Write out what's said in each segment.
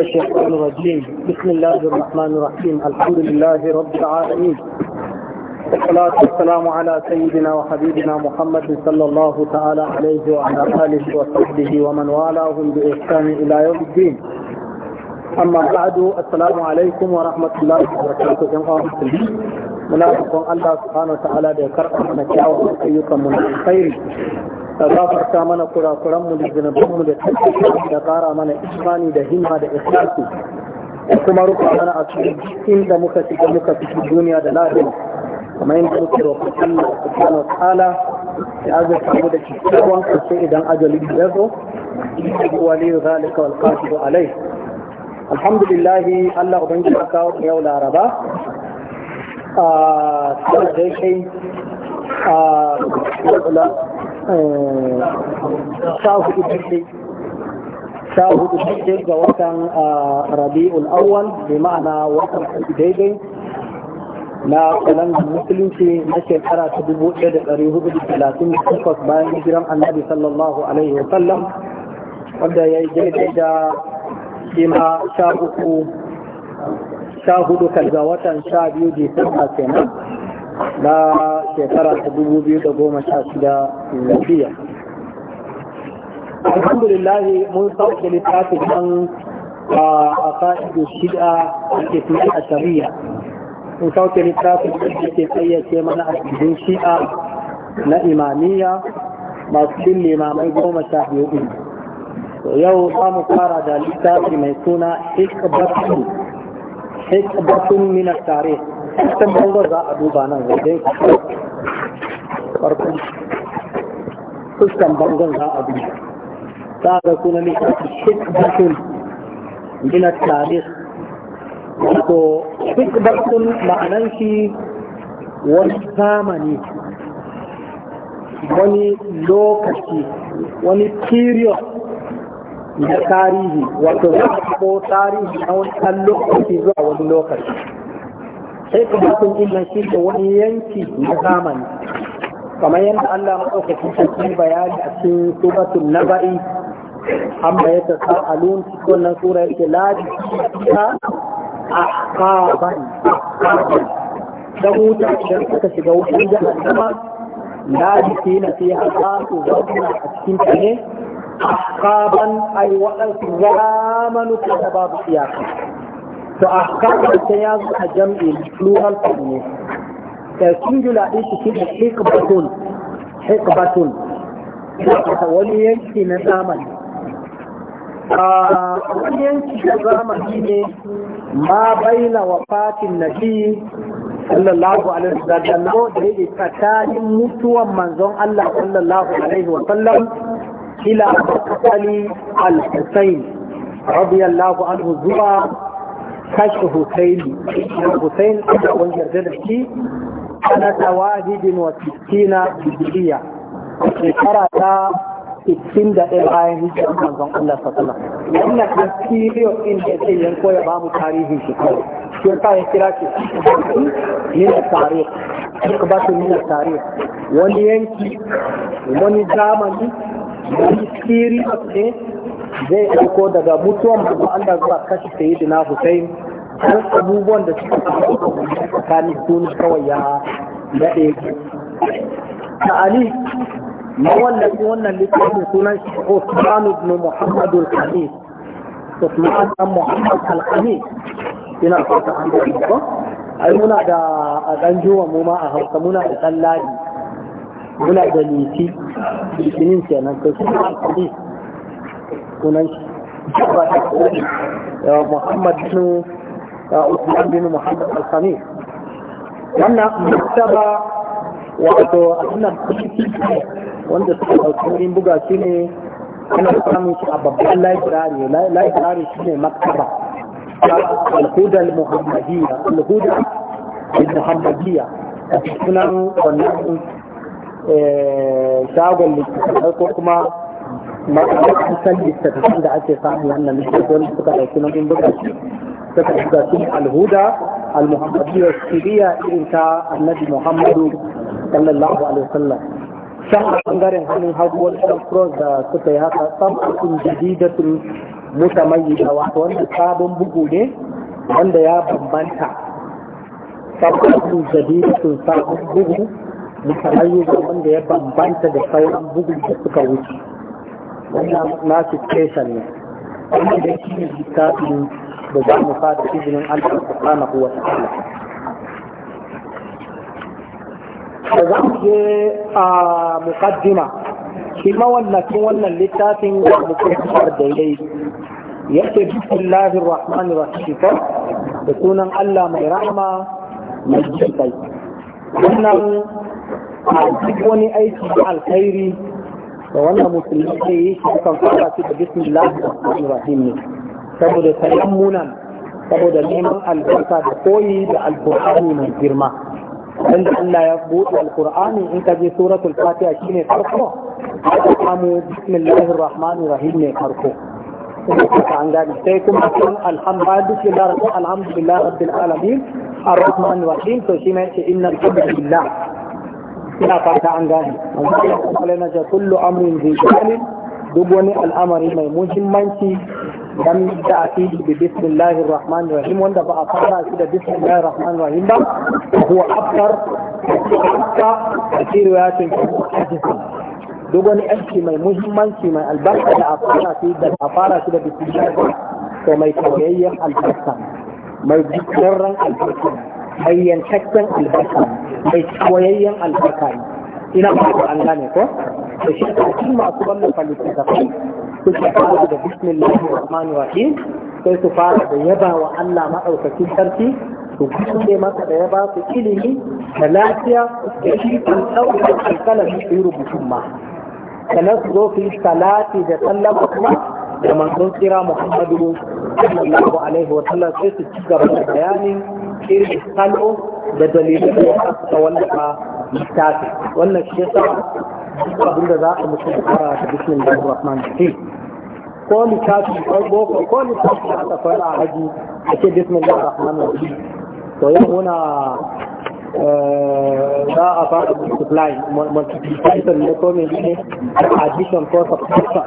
الشيطان الرجيم بسم الله الرحمن الرحيم الحمد لله رب العالمين والصلاة والسلام على سيدنا وحبيبنا محمد صلى الله تعالى عليه وعلى آله وصحبه ومن والاهم بإحسان إلى يوم الدين أما بعد السلام عليكم ورحمة الله وبركاته جميعا مسلمين muna الله سبحانه وتعالى بكرة ta'ala da أيكم من الخير Ka gafarta mana kurakuranmu da mu da tattaki da kara mana imani da Hima da ikhlasi da kuma rufa mana a cikin da muka shiga muka fito duniya da lahira kamar yadda muke roƙon Allah subhanahu ta'ala ya azurta mu da kyakkyawan kace idan ajali ya zo wali zalika wal qadiru alai alhamdulillah Allah ubangiji ya kawo yau laraba a ah, tsare kai a ah, sha hudu daidai sha hudu daidai ga watan rabi'ul awwal bi ma'ana watan daidai na kalandar musulunci na shekara ta dubu ɗaya da ɗari hudu da talatin da takwas bayan hijiran annabi sallallahu alaihi wa sallam wanda ya yi daidai da kima sha uku sha hudu ga watan sha biyu disamba kenan لا شكرا تدوبوا بيو تقوم شاسدا النبي الحمد لله منطوح جلتات من آه، أقائد الشدعة الكتنية الشرية منطوح جلتات الكتنية كمنع الجنشية لا إمامية ما تقول ما ما يقوم شاهدوا بيو ويو قام قارد لتات ميسونة حكبة حكبة من التاريخ cikin bangon za a duba nan wajen farkon fuskan bangon za a duba za a ga suna mai kasu shikbatun gina tarih wato shikbatun ma'anan shi wani zamani wani lokaci wani period na tarihi wato ko tarihi na wani lokaci zuwa wani lokaci sai ka kubatun illan shi da wani yanki na zamani kamar yadda Allah maɗaukaki sarki bayani a cikin na bai, an bayyana ta sa'alun wannan sura yake ladi ta a ahqaban da wuta idan suka shiga wani wutan jahannama ladi kina fi su zauna a cikin ta ne ahqaban ay waɗansu zamanu ta babu iyaka to a kakanta ya zo a jam'i plural form ne da singular ɗin shi ne hikbatun hikbatun wani yanki na zamani wani yanki na zamani ne ma baina wafatin nabi sallallahu alaihi wa sallam da yake tsakanin mutuwan manzon Allah sallallahu alaihi wa sallam ila qatali al-Husayn radiyallahu anhu zuwa كشف حسين حسين والجردد في سنة واحد وستين هجرية شكرا sittin da ɗaya bayan hijirar manzon Allah sallallahu wannan kan period din da yake yanko ya bamu tarihin shi kawai shi yasa ya kira shi min tarihi, suka ba su min tarihi, wani yanki wani zamani wani period ne zai ɗauko daga mutuwan da Allah zuwa kashe na Hussein har abubuwan da suka faru tsakanin su kawai ya daɗe Ali, na wannan littafin sunan shi Usman ibn Muhammad al-Khamis Usman ibn Muhammad al-Khamis ina fata an da ko ai muna da a ɗan juwa mu ma a Hausa muna da sallari muna da liti litinin kenan to suna al-Khamis sunan Muhammad bin al wannan maktaba wato a wanda suka ɗauki buga shi ne ana samun shi a babban library library shi ne maktaba al-huda al-muhammadiyya al-huda al-muhammadiyya a sunan wannan eh, shagon littattafai ko kuma ma'aikatan littattafan da ake samu wannan littattafan suka ɗauki nauyin buga shi suka buga shi alhuda almuhammadiyya siriya irin ta annabi muhammadu sallallahu alaihi wasallam can a bangaren hannun hagu wani ɗan cross da suka yi haka sun sabatun jadidatun mutamayyida wato wanda sabon bugu ne wanda ya bambanta sun sabatun sun sabon bugu mutamayyida wanda ya bambanta da sauran bugu da suka wuce wannan nasu kesan ne wannan da shi ne littafin da za mu fada izinin Allah subhanahu wa ta'ala da za mu je a muqaddima shi mawallafin wannan littafin da muke fara daidai yake bismillahir rahmanir rahim da sunan Allah mai rahama mai jinkai wannan a duk wani aiki alkhairi وانا مسلمي كان صلاه بسم الله الرحمن الرحيم سبب تيمنا سبب لما الفتا بقوي بالقران من جرما ان الله يقول القران ان تجي سوره الفاتحه شيء فرقه بسم الله الرحمن الرحيم فرقه عن ذلك سيكون الحمد لله رب الحمد لله رب العالمين الرحمن الرحيم تشيما ان الحمد لله ina fata an gane manzo Allah na ce kullu amrin zai shani duk wani al'amari mai muhimmanci dan da a fi bi bismillahir rahmanir rahim wanda ba a fara shi da bismillahir rahmanir rahim ba huwa afkar ta asiru ya tin duk wani aiki mai muhimmanci mai albarka da a fara shi da a fara shi da bismillahir rahmanir rahim to mai tawayyan albarka mai dukkan ran albarka bayyantaccen albarka mai tawayayyen albarka ne ina ba ku an gane ko da shi ta cikin masu wannan falitin da kai su ke fara da bismillahir rahmanir rahim sai su fara da yaba wa Allah madaukakin sarki su kuɗe masa da yaba su ilimi da lafiya da shi kan ɗauka alƙalami su yi rubutun ma sannan su zo su yi salati da sallama kuma da manzon kira Muhammadu sallallahu alaihi wa sallam sai su ci gaba da bayanin irin salo da dalilin da ya suka wallafa littafi wannan shi yasa abin da za a mutum fara da bismillahir rahmanir rahim ko littafi ko boko ko littafi aka fara a haji ake bismillahir rahmanir rahim to yau muna za a fara multiply multiplication ne ko ne addition ko subtraction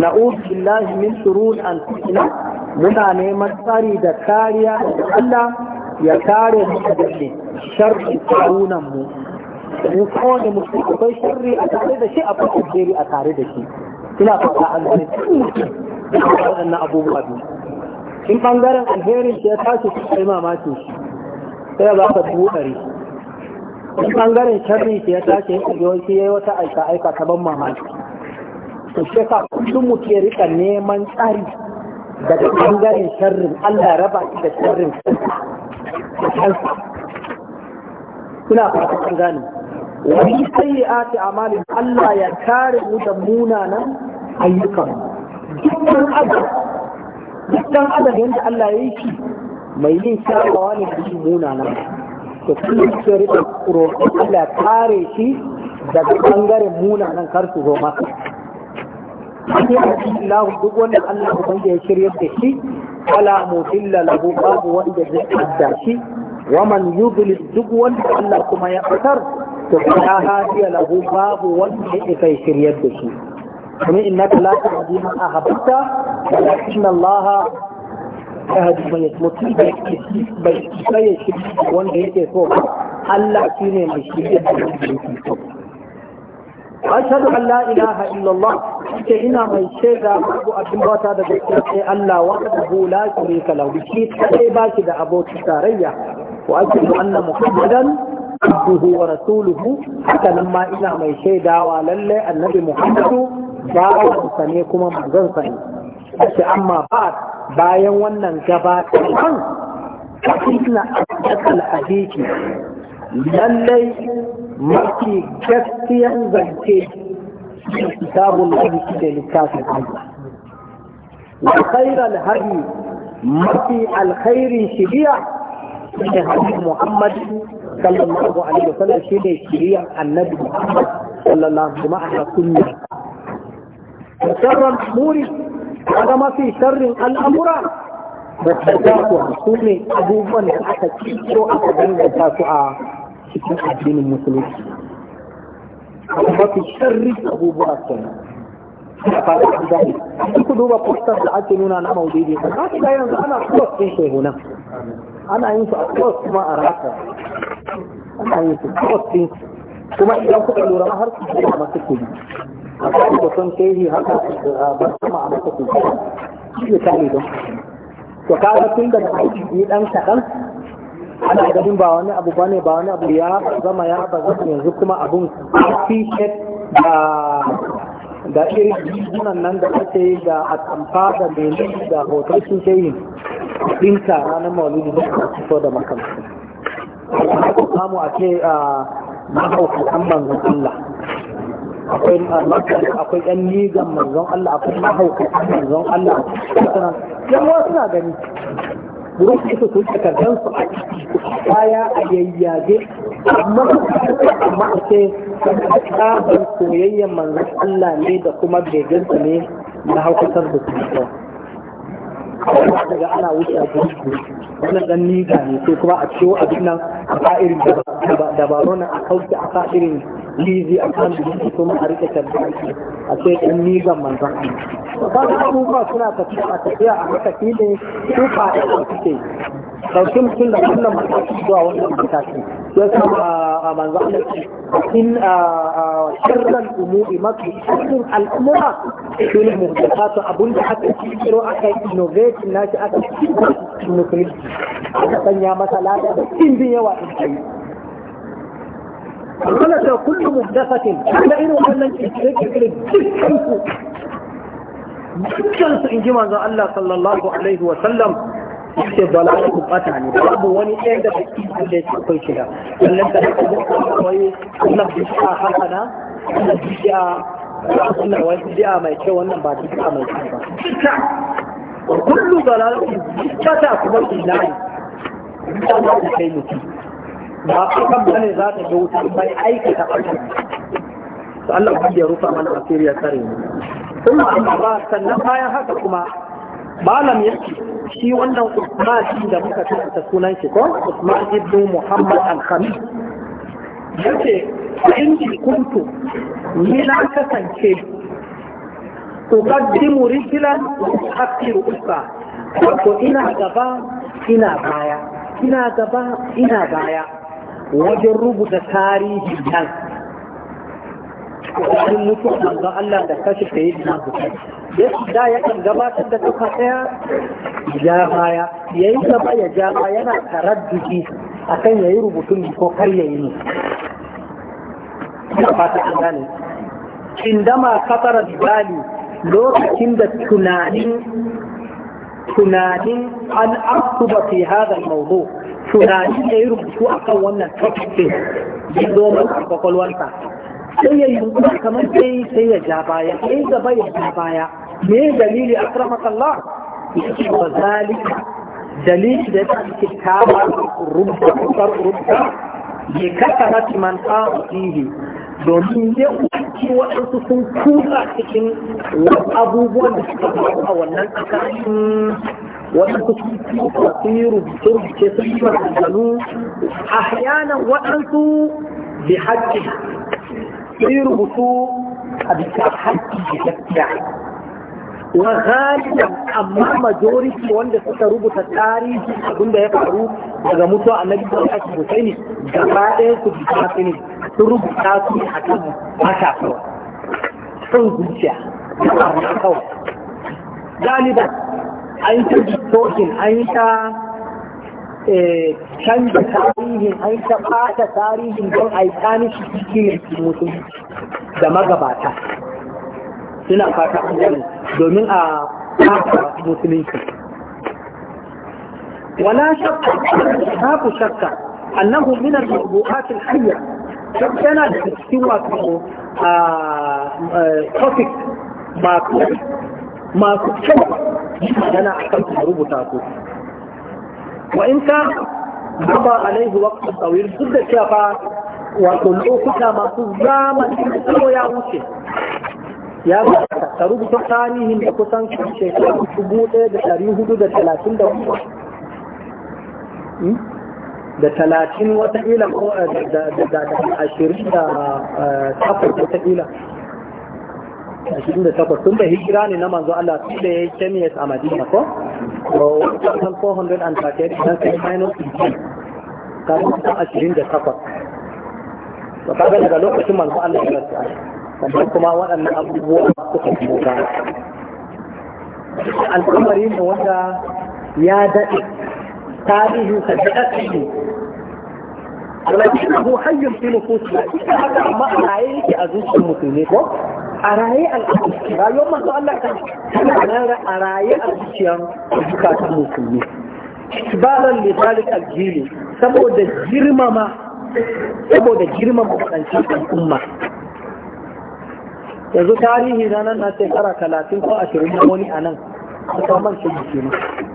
na'udhu billahi min shururi anfusina muna neman tsari da kariya da Allah ya kare mu daga sharri kawunan mu in kowane mutum akwai sharri a tare da shi a akwai alheri a tare da shi ina fata an gane tun mutum da waɗannan abubuwa biyu in bangaren alherin shi ya tashi su kai mamaki shi sai za ka dubu ɗari in bangaren sharri shi ya tashi ya yi wata aika aika ta ban mamaki to shi ka kullum mu ke rika neman tsari daga ɓangaren sharrin Allah raba shi da sharrin kansa ina fata kan gane wani sai a ta amalin Allah ya kare mu da munanan ayyukan dukkan abu. dukkan da yadda Allah ya yi shi mai yin shafawa ne da shi munanan to kullum ke rika kuro Allah ya kare shi daga ɓangaren munanan kar su zo maka Allah duk wanda Allah ya ya shiryar da shi wala mudilla lahu babu wanda zai adda shi wa man yudlil duk wanda Allah kuma ya fitar to la hadiya lahu babu wanda ya kai shiryar da shi kuma innaka la tahdi man ahbabta walakin Allah yahdi man yasmuti bai sai shi wanda yake so Allah shine mai shiryar da shi ashhadu an la ilaha illallah ke ina mai shaida babu abin bauta da gaskiya sai Allah wahdahu la sharika lahu shi kai ba shi da abokin tarayya wa ashhadu anna muhammadan abduhu wa rasuluhu haka nan ma ina mai shaidawa lalle annabi muhammadu bawansa ne kuma manzansa ne shi amma ba bayan wannan gabatarwan فإن أصدق الحديث mafi gaskiyan zance kitabun hadi shi da littafin Allah wa khairal mafi alkhairin shiriya shi hadi Muhammad sallallahu alaihi wa sallam shi ne shiriyan annabi sallallahu alaihi wa sallam sunna wa sharran muri kaga mafi sharrin al'amura da ta su ne abubuwan da aka ci ko aka danganta su a cikin addinin musulunci kuma mafi sharri abubuwa kenan suna faɗi a zahiri in ku duba postar da ake nuna na maudidi kan za su ga yanzu ana sun ke huna ana yin su a cross kuma a raka ana yin su cross ɗin kuma idan kuka lura har su ke a masu kudi a kan ke yi haka a sama a masu kudi shi ne ta ne don to kaga tun da aiki ɗan kaɗan ana ganin ba wani abu bane ba wani abu ya zama ya ba zafi yanzu kuma abun fiket da da irin jikunan nan da ake yi da atamfa da mene da hoton sun ke yi ɗinka ranar maulidi da aka fito da makamci samu a ce a mahaukatan manzan Allah akwai ƴan yan ligan Allah akwai mahaukatan manzan Allah yan wasu na gani wurin kusa sun yi takardar su a baya a yayyage amma amma a ce tsabar soyayyen manzan Allah ne da kuma begensa ne na haukatar da su kawai daga ana wuce a gudu wannan dan niga ne sai kuma a ciwo a abin nan a fa'irin dabarun a kauce a fa'irin lizi a kan jiki kuma a rike tabbaki a ce ɗan nigan manzan ɗin. ba da abubuwa suna tafiya a tafiya a haka filin su faɗa da suke ɗauki mutum da wannan mataki zuwa wannan mataki ya samu a manzan in a shirin umuri mafi cikin al'umura su ne muhdasa su abun da aka kiro aka yi innovation na shi aka kiro musulunci aka sanya masa lada da ɗimbin yawa in dole ta kullu muhdathatin da irin wannan cikin kirkire dukkan su in ji manzon Allah sallallahu alaihi wa sallam yake bala'in ku bata ne babu wani ɗaya da baki da ya akwai shiga sannan da haka da kawai wannan bishiya hasana wannan bishiya wannan wani bishiya mai kyau wannan ba bishiya mai kyau ba dukkan kullu bala'in bata kuma ilahi dukkan da kai mutum ba a kan bane za ta ga wuta aiki ta ɓarfi to Allah ubangi ya rufa mana asiri ya tsare mu kuma amma ba sannan bayan haka kuma malam ya ce shi wannan Usman da muka ta sunan shi ko Usman ibn Muhammad al-Khamis yace in kuntu ni na kasance uqaddimu rijlan akhiru usta wato ina gaba ina baya ina gaba ina baya wajen rubuta tarihi dan wajen mutuwa manzo Allah da kashe ta yi na bukari ya da ya kan gabatar da kafa ɗaya ja baya ya yi gaba ya ja baya yana taraddudi a kan ya yi rubutun ko kar ya yi ne ina fata an gane indama kasara bali lokacin da tunanin tunanin an aktuba fi hada mawdu' tunani da yi rubutu a kan wannan topic ya zo a kwakwalwarsa sai ya yunkura kamar sai sai ya ja baya sai gaba ya ja baya me dalili a karamakallah ya ce wa zalika dalili da ta ke kama rubuta kusar rubuta ya kasara man a fihi domin ya kuci waɗansu sun kuka cikin abubuwan da suka faru a wannan tsakanin وانتو تطير بترج كثيرة الجنون احيانا وانتو بحج تطير بسوء ابتع حج بكثيع وغالبا اما مجوري وان ده ستروب تتاري اقول ده يقعروب اذا موتو عن نجد الحج بسيني جفاته تبتعطيني تروب تاتي حكام ما شعفوا تنزل شعر غالبا an yi ta distortion an yi ta eh, canza tarihin an yi ta ɓata tarihin don a yi tanishi cikin mutum da magabata suna fata an domin a fata musulunci wala shakka babu shakka annahu min al-mawdu'at al-hayya yana da cikin wato a ah, eh, topic ba masu kyau yi magana a kan su rubuta su wa in ka gaba alaihi waqtu tawil duk da cewa fa wato lokuta masu zamani ko ya wuce ya ga ta rubuta tarihin da kusan shekaru dubu ɗaya da ɗari hudu da talatin da hudu da talatin wataƙila ko da ashirin da takwas wataƙila ashirin da takwas tun da hijira ne na manzo Allah tun da ya yi ten a Madina ko? Wasan 438 idan sai minus 18 kafin kusan ashirin da takwas. kaga daga lokacin manzo Allah ya rasu sannan kuma waɗannan abubuwa suka biyo baya. Al'amari ne wanda ya daɗe tarihin sa daɗaɗɗe ne. Walakin abu hayyun fi nufusu, ita haka amma a yake a zuciyar musulmi ko? a raye al'adu rayuwar masu Allah kan tana nan a raye a zuciyar zukatan musulmi kibaran lidalik aljili saboda girmama saboda girmama kudanci al'umma yanzu tarihi na nan na shekara talatin ko ashirin da wani a nan a kamar shi jiki ne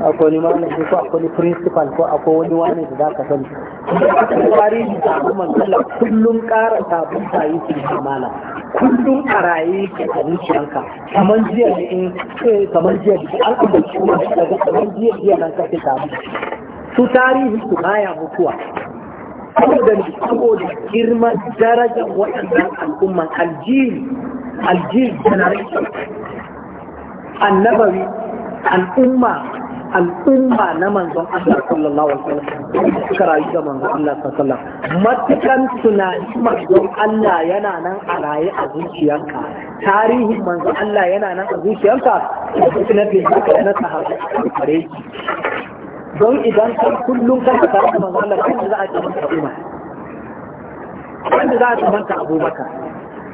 akwai wani ko akwai principal ko akwai wani wani da za ka sani tarihi da kuma kalla kullum ƙara sabon yi su kamala kullum a raye ke a zuciyanka kamar jiya ne in eh, kamar jiya ne an kuma kuma daga kamar jiya jiya nan ta mu su tarihi su baya mutuwa saboda saboda girman darajar waɗannan al'umman aljiri aljiri generation annabawi al'umma al'umma na manzon Allah sallallahu alaihi wasallam kara yi ga manzon Allah sallallahu alaihi wasallam matukan tunani manzon Allah yana nan a raye a zuciyarka tarihin manzon Allah yana nan a zuciyarka duk na bin haka na sahabi kare don idan kan kullum kan ta tare da manzon Allah kan za a ci maka umma. kan za a ci maka Abubakar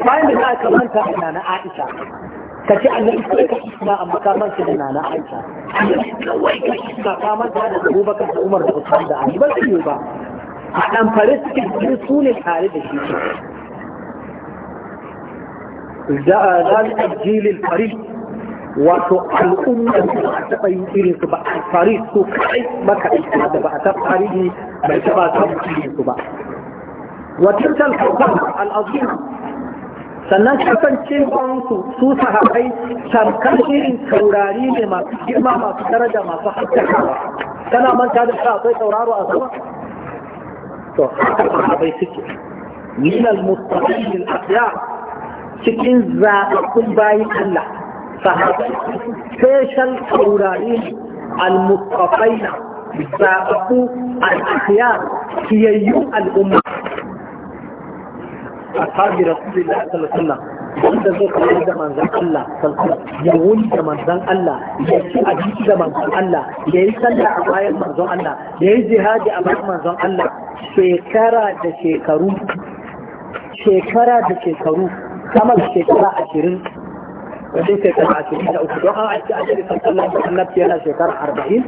kan za a ci maka na Aisha ka ce annabi kawai ka isma amma ka manta da nana aisha annabi kawai ka isma ta manta da abubakar da umar da usman da ali ba su yi ba a dan fare suke cikin su ne tare da shi ذلك الجيل الفريد wato al'ummar da a taɓa yin irin su ba a fari su kai maka aiki da ba a taɓa tarihi bai taɓa samun irin su ba. Wacin talfafan al'azim sannan kasancewan su su sahabai tamkar irin taurari ne masu girma masu daraja masu haskakawa kana manta da shi akwai tauraro a sama to haka sahabai suke min al-mustaqim al-aqya cikin zaɓaɓɓun bayin Allah sahabai special taurari al-mustafaina zaɓaɓɓu al-aqya kiyayyun al'umma ashabi rasulullah sallallahu alaihi wasallam wanda zai kawar da manzan Allah ya wuni da manzan Allah ya ci abinci da manzan Allah ya yi sallah a bayan manzan Allah ya yi jihadi a bayan manzan Allah shekara da shekaru shekara da shekaru sama shekara ashirin وليس كما أشهد أخذها عند أجل صلى الله عليه وسلم كان شكر أربعين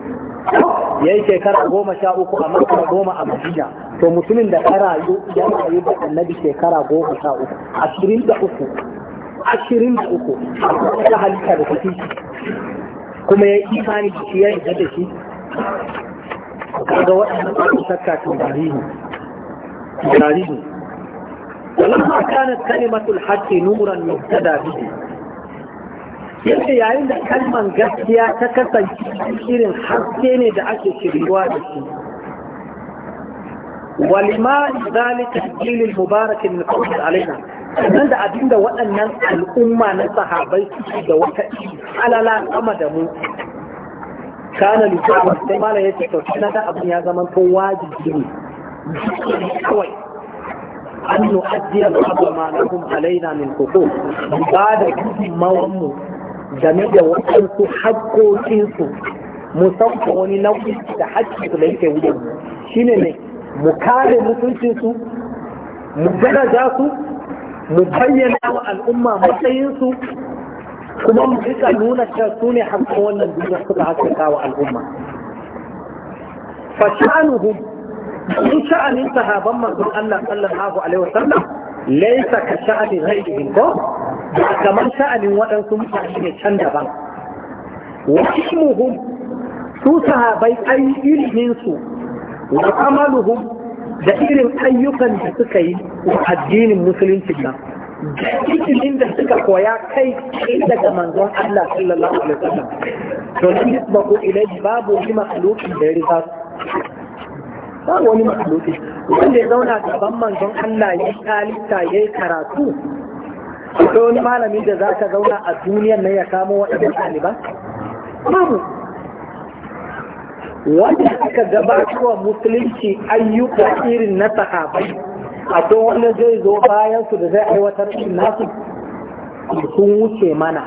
yayi shekara goma sha uku a makka goma a madina to mutumin da kara ya rayu da annabi shekara goma sha uku ashirin da uku ashirin da uku ta halitta da kuma ya yi shi su sakka tarihi tarihi ولما كانت كلمة الحق نورا يهتدى yadda yayin da kalman gaskiya ta kasance irin haske ne da ake shiriwa da shi walima zalika jilil mubarakin na kawai alaina nan da abinda waɗannan al'umma na sahabai suke da wata alala sama da mu kana lissawa sai mala ya ce kyauta na da abin ya zama to wajibi ne kawai an yi da abu ma kuma alaina min hukum ba da gudunmawanmu game da waɗansu haƙoƙinsu musamman wani nau'i da haƙƙinsu da yake wuyan shi ne ne mu kare mutuncinsu mu daraja su mu bayyana wa al'umma matsayinsu kuma mu rika nuna cewa su ne haƙƙin wannan duniya suka haƙƙinta wa al'umma fashanuhum in sha'anin sahaban manzon Allah sallallahu alaihi wasallam laysa ka sha'ani ghairihim ko ba kamar sa'anin waɗansu mutane ne can daban wasu muhum su sahabai ai iliminsu wa amaluhum da irin ayyukan da suka yi wa addinin musulunci nan da da suka koya kai daga manzon Allah sallallahu alaihi wasallam to ni nisbaqu ilayhi babu wani makhluqin da ya riga ba wani makhluqin wanda ya zauna gaban manzon Allah ya talita ya karatu akwai wani malami da za ka zauna a duniyan nan ya kamo waɗannan ɗaliban babu wanda aka gabatarwa musulunci ayyuka irin na sahabai to wanda zai zo bayan su da zai aiwatar nasu sun wuce mana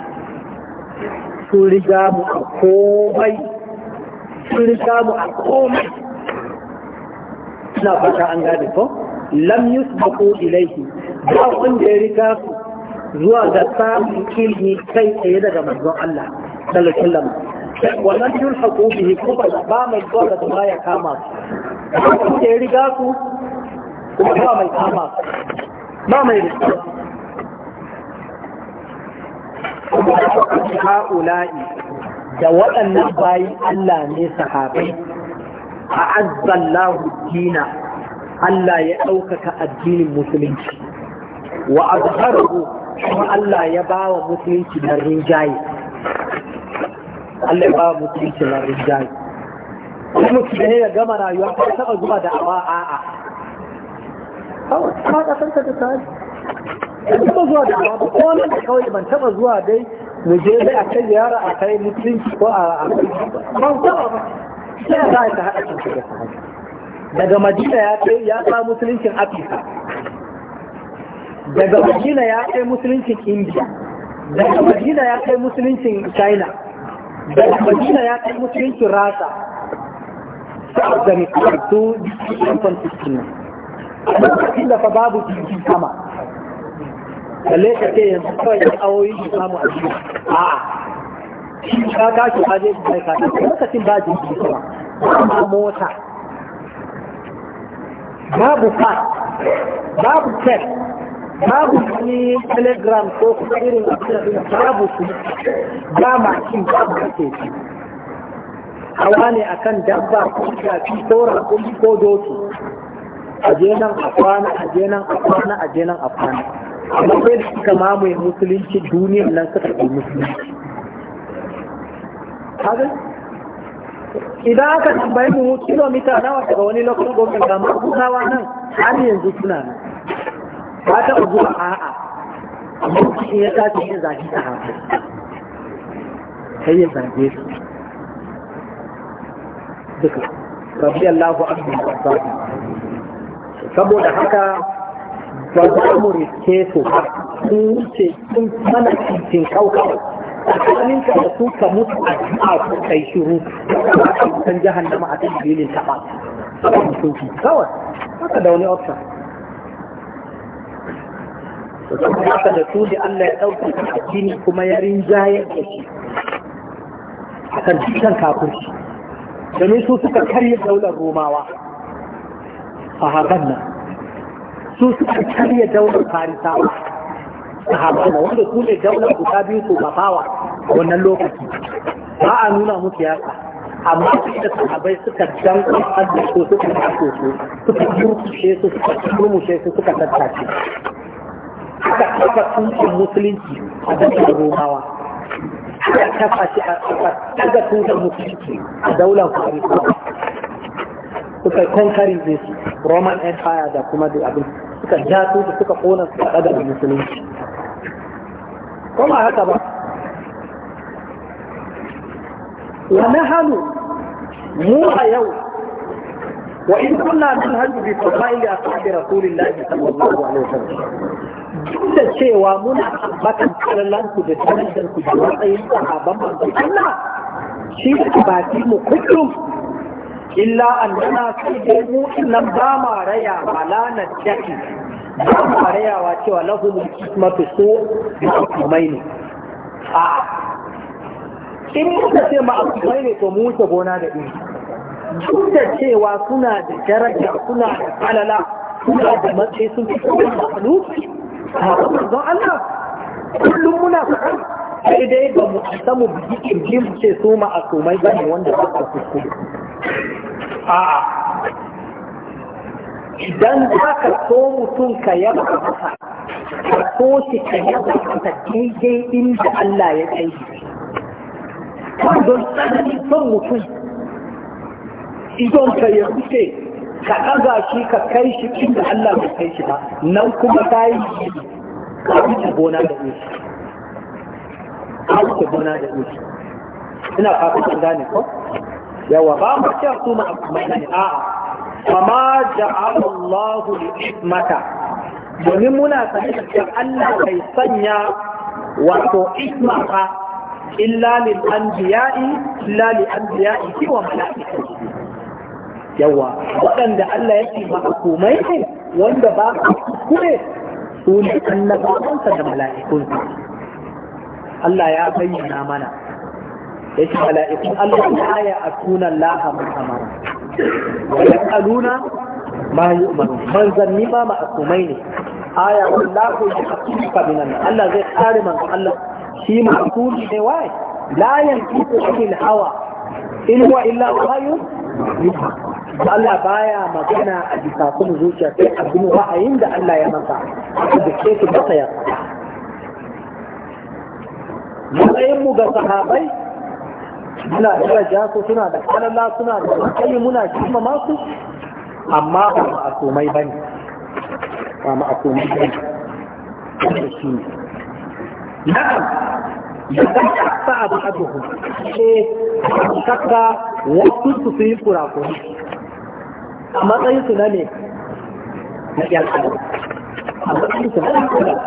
sun riga mu a komai sun riga mu a komai na fata an gane ko lam yusbaqu ilayhi ba wanda ya riga su zuwa ga samun ilmi kai tsaye daga manzon Allah sallallahu alaihi wasallam wannan yulhaqu bihi kuma ba mai zuwa da ba ya kama su kuma ya riga su kuma ba mai kama su ba mai riga kuma ha'ula'i da waɗannan bayin Allah ne sahabai a azzallahu dina Allah ya ɗaukaka addinin musulunci wa azharuhu kuma Allah ya ba wa musulunci na rinjaye Allah ya ba wa musulunci na rinjaye wani mutum ne ya gama rayuwa ta taba zuwa da awa a'a kawai ta ƙasarka da tare ban taba zuwa da awa ba ko nan da kawai ban taba zuwa dai mu je dai a kai ziyara a kai musulunci ko a ban taba ba sai za a ta haɗa kan shiga daga madina ya kai ya ba musuluncin afirka daga madina ya kai musuluncin india daga madina ya kai musuluncin china daga madina ya kai musuluncin rasa ta afghanistan su jikin fantastin a Daga da fa babu jirgin sama kalle ka ce yanzu kawai yan awoyi su samu a jiya a ka kashi ba zai ka kai ka lokacin ba jirgin sama ba mota babu fat babu test babu wani telegram ko kuma irin abin babu su ba makin babu kake shi hawa ne akan dabba ko shafi ko rakun ko doki a kwana aje nan a kwana aje nan a kwana amma sai da suka mamaye musulunci duniyar nan suka ɗau musulunci idan aka tambayi mu kilomita nawa daga wani lokacin gwamnati ga mabukawa nan har yanzu suna nan ba ta ugu a a'a amma shi ya sace yin zafi a hafi sai ya zage su duka rabbi Allahu akbar wasabi saboda haka ba za mu riske su sun ce sun mana cikin kaukawai tsakaninka da su ka mutu a jiya ko kai shiru kan jahannama a kan dalilin taɓa kawai haka da wani option haka da su ne Allah ya ɗauki addini kuma ya rinjaye da shi a kan dukkan kafirci domin su suka karya daular romawa a hakan nan su suka karya daular farisawa a hakan nan wanda su ne daular guda biyu ko babawa wannan lokaci ba a nuna musu yasa amma su da sahabai suka danko da su suka kaso su suka yurkushe su suka turmushe su suka tattace aka kafa tukin musulunci a daular romawa aka kafa shi a daga tukin musulunci a daular kwarisawa suka conquering this roman empire da kuma da abin suka ja da suka kona su a da musulunci kuma haka ba wa nahanu mu a yau وإن كنا ننهج بفضائل أصحاب رسول الله صلى الله عليه وسلم duk da cewa muna ambatan kallon ku da darajar ku da matsayin sahabban manzon Allah shi ba ki mu kullum illa annana sai da mu nan ba ma raya wala na jaki ba ma wa cewa lahum kismatu su mai ne a in muka ce ma akwai ne to mu ta gona da ni duk da cewa suna da daraja suna da alala suna da matsayi sun fi kowa mahaluki don Allah kullum muna faɗan sai dai ba mu isa mu bi kirji mu ce su ma a sumai ba ne wanda ba ka kuskure a'a idan za ka so mutum ka yaba ka masa ka so shi ka yaba ka masa daidai inda Allah ya kai don tsananin son mutum idon ka ya rufe ka ɗaga shi ka kai shi inda Allah bai kai shi ba nan kuma ta yi ka wuce gona da wuce ka wuce gona da wuce ina fata gane ko yawa ba mu ce su ma amfani a'a fama ja'ala Allah ismata domin muna sanin cewa Allah bai sanya wato isma ba illa lil anbiya'i illa lil anbiya'i wa mala'ikatihi yawa waɗanda Allah ya ce mahakumai ne wanda ba su kuskure su ne annabawansa da mala'ikunsa Allah ya bayyana mana ya ce mala'ikun Allah ya aya a sunan laha muhammara wa ya kaluna ma yi umaru manzanni ma ma'akumai ne aya wallahu ya hakuka minan Allah zai kare manzo Allah shi ma'akumi ne wai la kuka anil hawa in huwa illa wahayu Allah baya magana a bisa kuma zuciya sai abin a da Allah ya masa da ke ki masa ya matsayin mu ga sahabai muna daraja su suna da kalala suna da matsayi muna kima masu amma ba a asomai bane ba ma asomai bane na'am yadda abu aduhu ce shakka wasu su su yi kurakuri a matsayin su na ne na yan adam a matsayin su na yan adam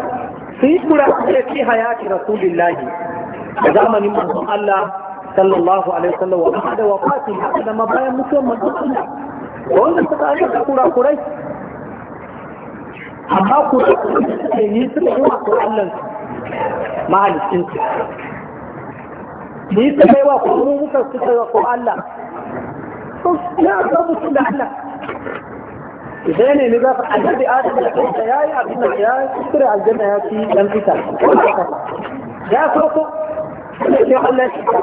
su yi kurakuri fi hayati rasulillahi a zamanin manzon Allah sallallahu alaihi wasallam wa kuma da wafati haka da mabayan mutuwar manzon Allah wanda suka aikata kurakurai amma kurakurai ne suka yi wa Allah mahalicin su ni ta kai wa kuma muka suka wa ko Allah ya ga mutum da Allah idan ne ni za ka annabi Adam da kansa yayi abin da ya kira aljanna ya ci dan fita ya so ko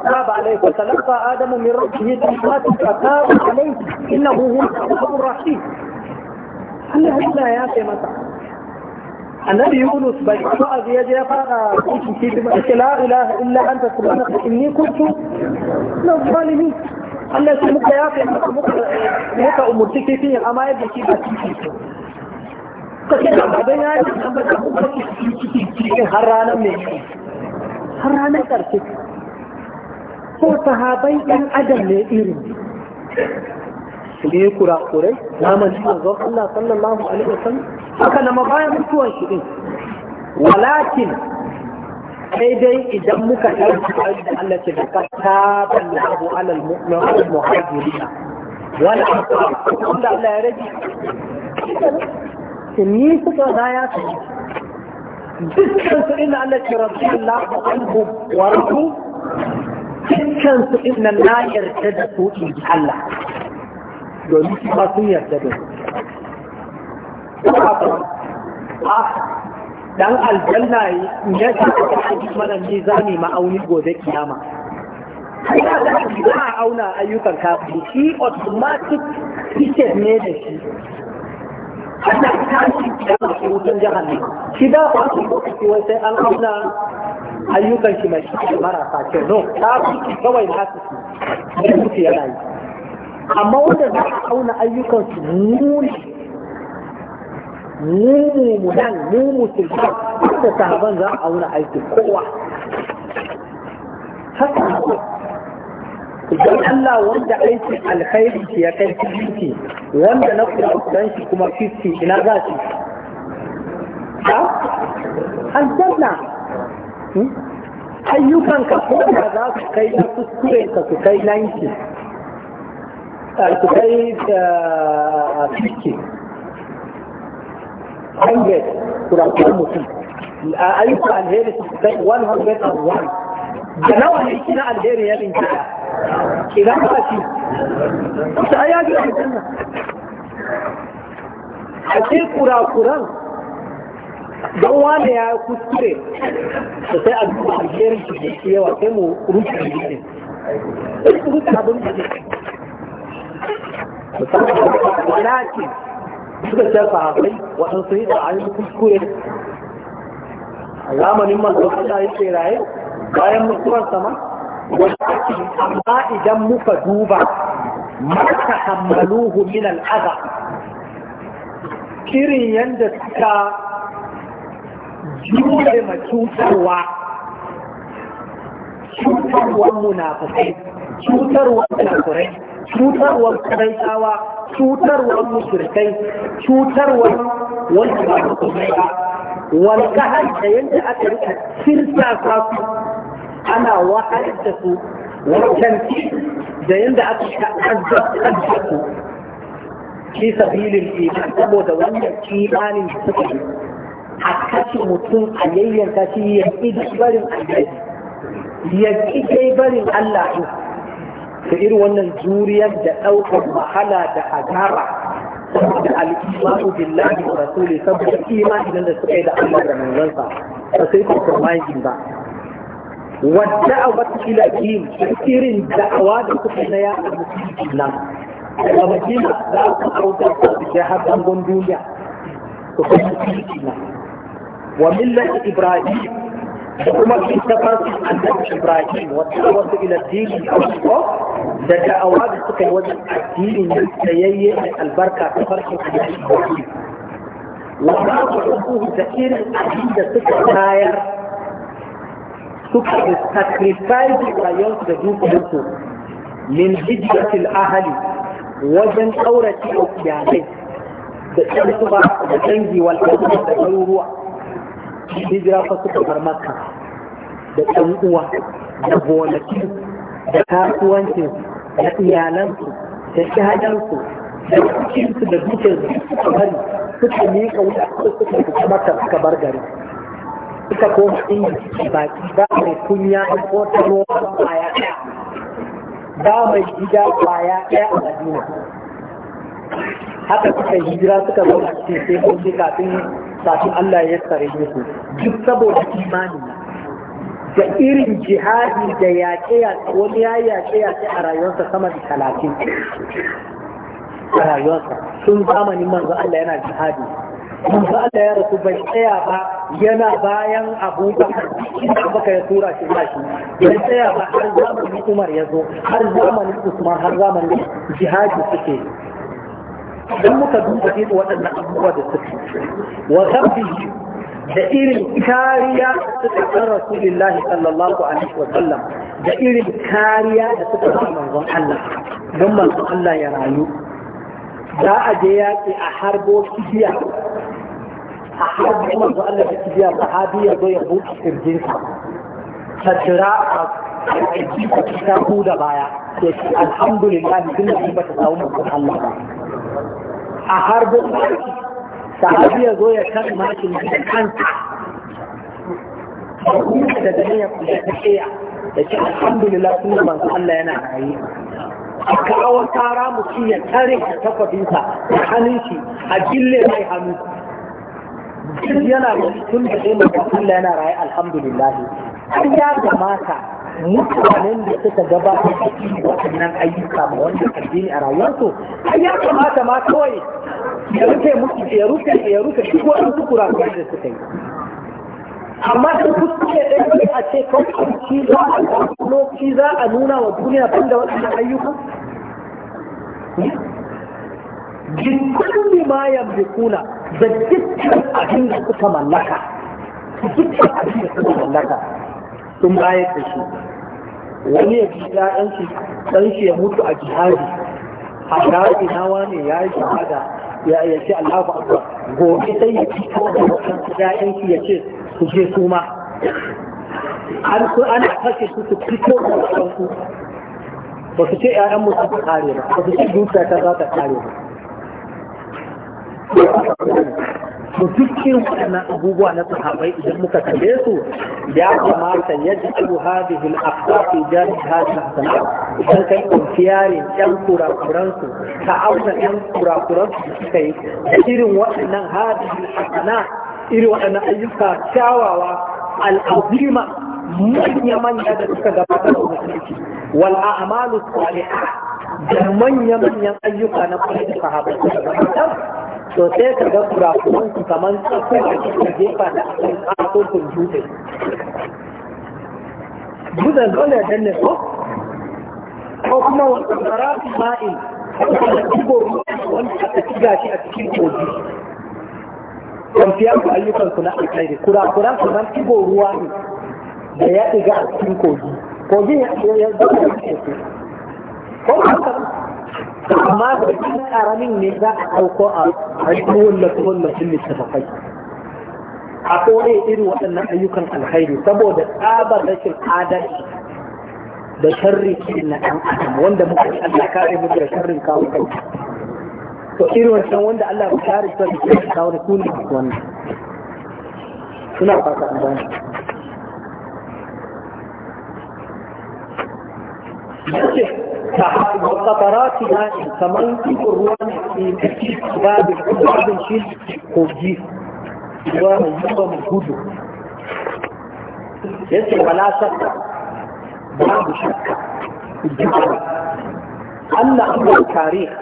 تاب عليه فتلقى ادم من ربه كلمات فتاب عليه انه هو الرحيم الله لا يا متى annabi yunus bai fito a ya je ya fara cikin titi ba ce la ilaha illa anta subhanaka inni kuntu na zalimi Allah sai muka yafe amma yadda ba ka har ranar mai ko sahabai ɗan adam ne irin su yi kurakurai naman cikin zan Allah sallallahu alaihi wasallam haka na bayan mutuwan shi din walakin sai dai idan muka ɗauki da Allah ce da kasa ban da abu alal mu'min muhajirina wani wanda Allah ya rage ni suka zaya su dukkan su ina Allah ce rabbi Allah wa anhu wa rabbu dukkan su inda na yarda da su in Allah domin shi ba sun yarda da su dan aljanna ya shafi mana ne za mu ma'auni gobe kiyama ina da za a auna ayyukan kafin shi automatic ticket ne da shi ana shi da shi wutan jahanni shi da ba su lokaci wai sai an auna ayyukan shi mai shi marasa kyau no ta fi kawai na su su yana yi amma wanda za a auna ayyukan su muni mu munan mu musulman da sahaban za a auna aikin kowa haka idan Allah wanda aikin alkhairi ke ya kai fifty wanda na kudan shi kuma fifty ina za shi ha aljanna hmm? ayyukanka ko da za su kai na kuskure ka su kai 90 alkutai da fiske hundred kurakun mutum a ayyuka alheri su kai one. da nawa ne na alheri ya ɗin kira idan ba shi ta ya gina mutum a ce kurakuran don wane ya kuskure da sai a duba alherin su da yawa sai mu rufe ne. Rufe abin da musamman lakin suka ce sahabbai waɗansu yi da ayin kuskure a zamanin manzo yi yake raye bayan mutuwar sama wanda amma idan muka duba maka hammaluhu min al'ada. kirin yadda suka jure ma cutarwa cutarwar munafikai cutarwar munafikai cutarwar kadaitawa cutarwar mushrikai cutarwar wanda ba su kuma ba walƙahar da yadda aka rika cirta su ana wahar da su wancan da yadda aka ta'azzar da su fi sabilin iman saboda wannan imanin da suka yi a kashe mutum a yayyanka shi ya ƙi barin Allah ya ƙi barin Allah ne. da irin wannan juriyar da ɗaukar wahala da agara da al'imanu billahi wa rasuli saboda imani nan da suka yi da Allah da manzansa ba sai compromising ba wadda a wata ila jim irin da'awa da kuka na ya musulmi nan a madina za ku kuma autar da jihar bangon duniya su kuma musulmi nan wa millar ibrahim حكومه السفر عند ابراهيم والدعوه الى الدين الاوسط لدعوات تقي الدين سيئ البركه سفر ابراهيم وبعض حقوق كثير عند سكتاير سكتاير سكتاير سكتاير سكتاير من هجرة الأهل وزن أورتي أو كيانين بسبب الزنجي والأهل بسبب الروح hijira fa suka bar makka da ɗan uwa da gonaki da kasuwancin da iyalansu da shahadansu da kukinsu da dukiyar suka bari suka miƙa wuta suka fita makka suka bar gari suka koma inda suke baki ba mai kunya da kotaro a kwaya ɗaya ba mai gida a ɗaya a madina haka suka hijira suka zo a cikin sai kun kafin sashi Allah ya tsare su duk saboda imani da irin jihadi da yaƙe yaƙe wani ya yaƙe yaƙe a rayuwarsa sama da talatin a rayuwarsa sun zamanin manzo Allah yana jihadi manzo Allah ya rasu bai tsaya ba yana bayan Abu Bakar da baka ya tura shi ba shi bai tsaya ba har zamanin Umar ya zo har zamanin Usman har zamanin jihadi suke idan muka duba irin waɗannan abubuwa da suke wa zambihi da irin kariya da suka san rasulillahi sallallahu alaihi wa sallam da irin kariya da suka san manzon Allah don manzon Allah ya rayu za a je yaƙi a harbo kibiya a harbo manzon Allah da kibiya sahabi ya zo ya buɗe kirjinsa ta jira a aiki ta da baya ya ce alhamdulillah duk da ba ta samu manzon Allah ba a harbin sahabi ya zo ya kan na da kanta da da ya kuma ta tsaya da ke alhamdulillah sun da manzo Allah yana rayu a kawo tara mutum ya tare da takwabinsa da hannun shi a gille mai hannu duk yana da tun da sai manzo Allah yana raye alhamdulillah an ya kamata mutanen da suka gabatar da shi waɗannan ayyuka ma wanda addini a rayuwarsu an ya kamata ma kawai ya rufe musu ya rufe ya rufe duk waɗansu kurakurai da suka yi amma da kuskure ɗaya ne a ce kawai a lokaci za a nuna wa duniya ban da waɗannan ayyuka jikin ma yamlikuna da dukkan abin da suka mallaka dukkan abin da suka mallaka sun bayar da shi wani ya fi ɗan shi ɗan shi ya mutu a jihari a jihadi nawa ne ya yi shahada ya ya ce Allah ba akbar gobe sai ya fi ko da su ɗan shi ya ce su je su ma an su ana kashe su su fito da wannan su ba su ce 'ya'yan mu ta kare ba ba su ce dukiya ta za ta kare ba to duk irin waɗannan abubuwa na sahabai idan muka kalle su ya kamata ya ji abu hadihi al-aqsa fi jami hadihi al-sana idan kai kumfiyarin yan kurakuran su ka auna yan kurakuran su kai irin waɗannan hadihi al-sana irin waɗannan ayyuka kyawawa al-azima manya manya da suka gabatar da musulunci wal a'malu salihah da manya manyan ayyuka na kwanin sahabai to sai ka ga kurakuran su kamar tsakon da suka jefa da akan ƙarfin kwamfuta dutsen dole ya ne ko ko kuma wata tsarafi ma'in wanda ɗigo wanda aka ci gashi a cikin kogi fiye ku ayyukan ku na alkhairi kurakuran ku nan ɗigo ruwa ne da ya ɗiga a cikin kogi kogin ya zama da ke ko haka amma da cikin karamin ne za a ɗauko a yi wallafi wallafin littattafai a kone irin waɗannan ayyukan alkhairi saboda tsabar rashin adalci da sharri cikin na ɗan adam wanda muka yi Allah kare mu da sharrin kawo kai to irin wancan wanda Allah ya kare su da sharrin kawo da su ne wannan suna fata an gane yace ta hanyar kafarati na kamar cikin ruwan ke babin babin shi kogi ruwa mai zuba mai gudu yace wala shakka babu shakka Allah Allah tarihi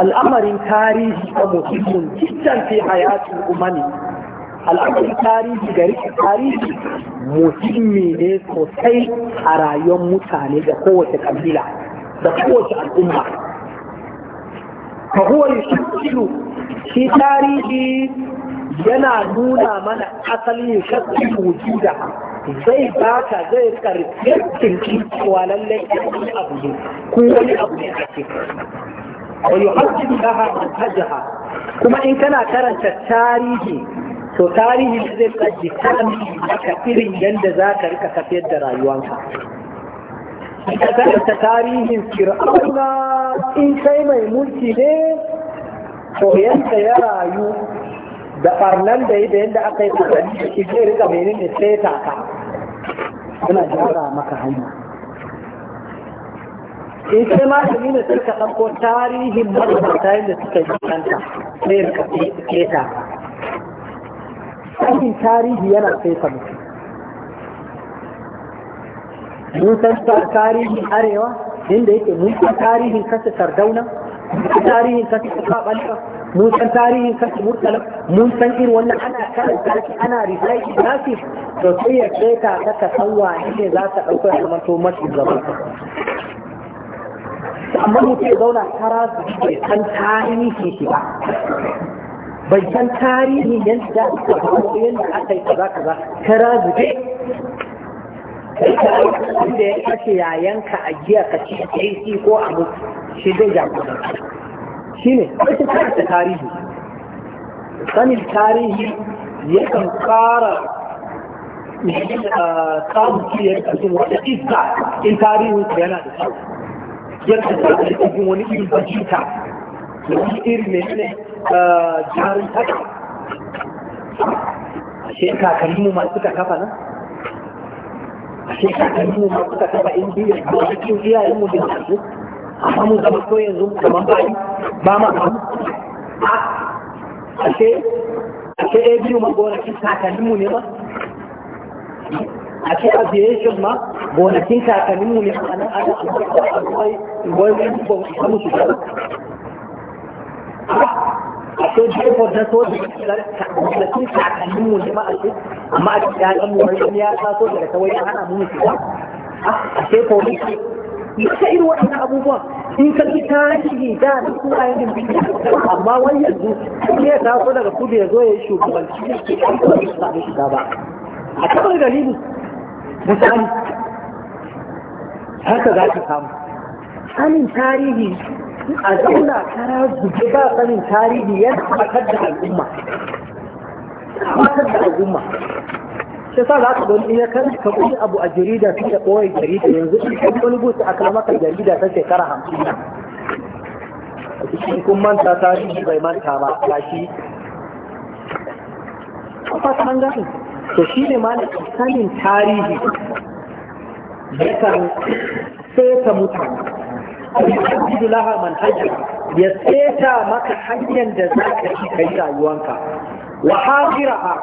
al'amarin tarihi a muhimmin Al'adun tarihi da rikin tarihi muhimmi ne sosai a rayuwar mutane da kowace kabila da kowace al'umma Kahuwar huwa shi tarihi yana nuna mana asalin shakkin wujuda zai baka zai karfe karfin cewa lallai wani abu ne ko wani abu ne ake wa yuhaddidu laha manhajaha kuma in kana karanta tarihi to tarihi zai tsaji kami aka irin yadda za ka rika tafiyar da rayuwanka ka ta tarihin fir'auna in kai mai mulki ne to yadda ya rayu da farnan da yi da yadda aka yi tsakani da shi zai rika mai nuna sai ta ka suna gyara maka hanya in sai ma da nuna suka ɗauko tarihin masu da suka yi kanta sai rika sai ta ka sanin tarihi yana saita mutum mun san tarihin arewa inda yake mun san tarihin kasa sardauna tarihin kasa kabalka mun san tarihin kasa murtala mun san irin wannan ana karanta shi ana risaiki nashi to sai ya saita ka ka ne za ka ɗauka ya zama to mashi gaba amma mutum ya zauna kara su ke san tarihin shi ba bai san tarihin yadda aka faru yadda aka yi kaza kaza ka razube da ya kashe ka a jiya ka ci AC ko a mutu shi zai jagora shi ne wata karanta tarihi sanin tarihi ya kan kara ah, samun ciyar cikin wata iska in tarihin su yana da kyau yakan kara cikin wani irin bajita da wani irin mai jarin haka ashe kakanni mu masu suka kafa nan ashe kakanni mu masu suka kafa in biyu da cikin iyayen mu da su amma mu zama ko yanzu kaman bayi ba ma kamu ashe ashe ɗaya biyu ma gonakin kakannin mu ne ba ashe aviation ma gonakin kakannin mu ne a nan ana akwai goyon ba mu su akwai jefo na so da sun kakannin mu jama'a su amma a cikin ya'yan mu wani ya taso daga kawai ya hana mu mutu a jefo ne ke ita irin abubuwan in ka ji tarihi da na suna yin biyu amma wani yanzu ne ya taso daga kudu ya zo ya yi shugabanci ne ke kan kawai su ba a kamar misali haka za ki samu sanin tarihi a zauna kara guje ba sanin tarihi yana fatar da al'umma fatar da al'umma shi sa za ka gani ina kan ka kuɗi abu a jarida su da ɓoye jarida yanzu in ka wani gusu a kalmaka jarida ta shekara hamsin a cikin kun manta tarihi bai manta ba ga shi a fata an gani to shi ne ma da sanin tarihi yakan sai ta mutane yujidu laha manhaja ya seta maka hanyar da za ka ci kai rayuwanka wa hafiraha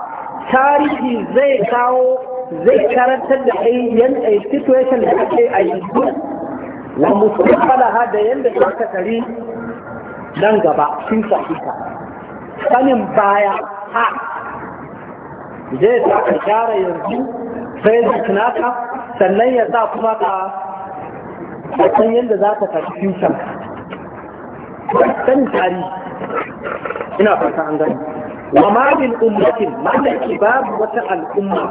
tarihi zai kawo zai karantar da kai situation da kake a yanzu wa mustaqbalaha da yanda za ka tari nan gaba sun sahita sanin baya ha zai sa ka gyara yanzu sai da tunaka sannan ya sa kuma ka da san yadda za ka tafi fitan sanin tarihi ina fata an gani wa ma bil ummatin mallaki babu wata al'umma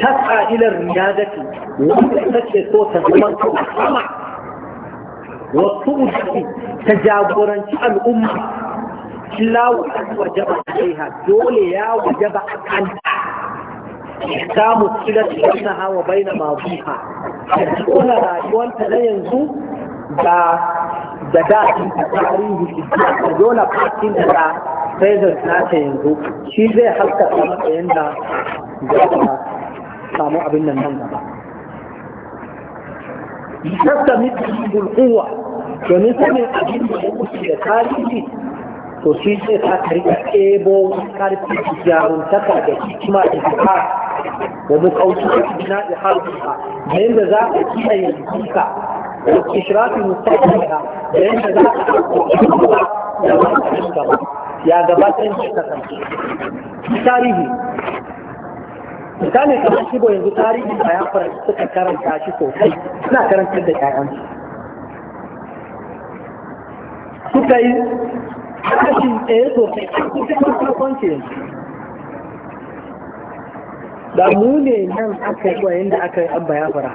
tas'a ila riyadati wanda take so ta zama sama wa tu'ti ta jagoranci al'umma illa wa wajaba alaiha dole ya wajaba akan samu shiga cikin hawa bai na mazuha da kona rayuwarta na yanzu da da daɗin tarihi da dole fatin da ta present nata yanzu shi zai haska ta masa yanda za ta samu abin nan nan gaba. Sassa mitin bulkuwa domin sanin abin da ya wuce da tarihi to shi zai sa ka riƙa ɗebo karfi jarumtaka da hikima da hikima ومقوسة بناء حربها من ذاك كنا يلقيك وإشراف مستقبلها من ذاك يا جبات انتكم tarihi. misali kamar shigo yanzu tarihin da ya fara suka karanta shi sosai suna karantar da ƴaƴansu suka yi kashin eh, tsaye sosai suka yi kwanci yanzu da mu ne nan aka yi kwayoyin da aka yi abba ya fara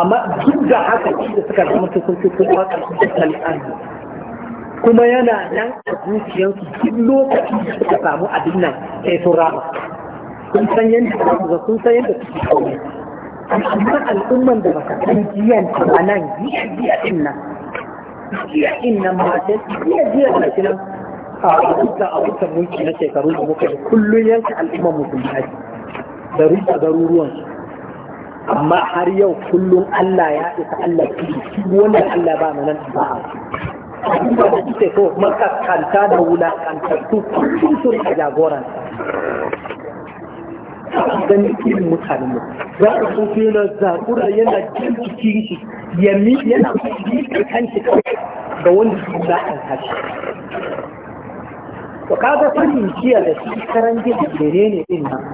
amma duk da haka da suka zama sun fi su waka tattalin kuma yana nan a zuciyarsu duk lokacin da suka samu abin nan sai sun rama sun san yadda za sun san yadda su kawai amma al'umman da baka kan jiyan ta nan jiya jiya din nan jiya din nan ma jiya jiya da shi nan a wancan mulki na shekaru da muka yi kullum yanka al'umman musulmi da rusa garuruwan amma har yau kullum Allah ya isa Allah fili shi wannan Allah ba nan ba a ba da suke so kanta da su kullum sun ka jagoran ganin irin mutane mu za a so su yana zakura yana jin jiki yami yana jiki kan shi ga wanda su za a to kaga sanin jiya da shi karan jiya da ne din nan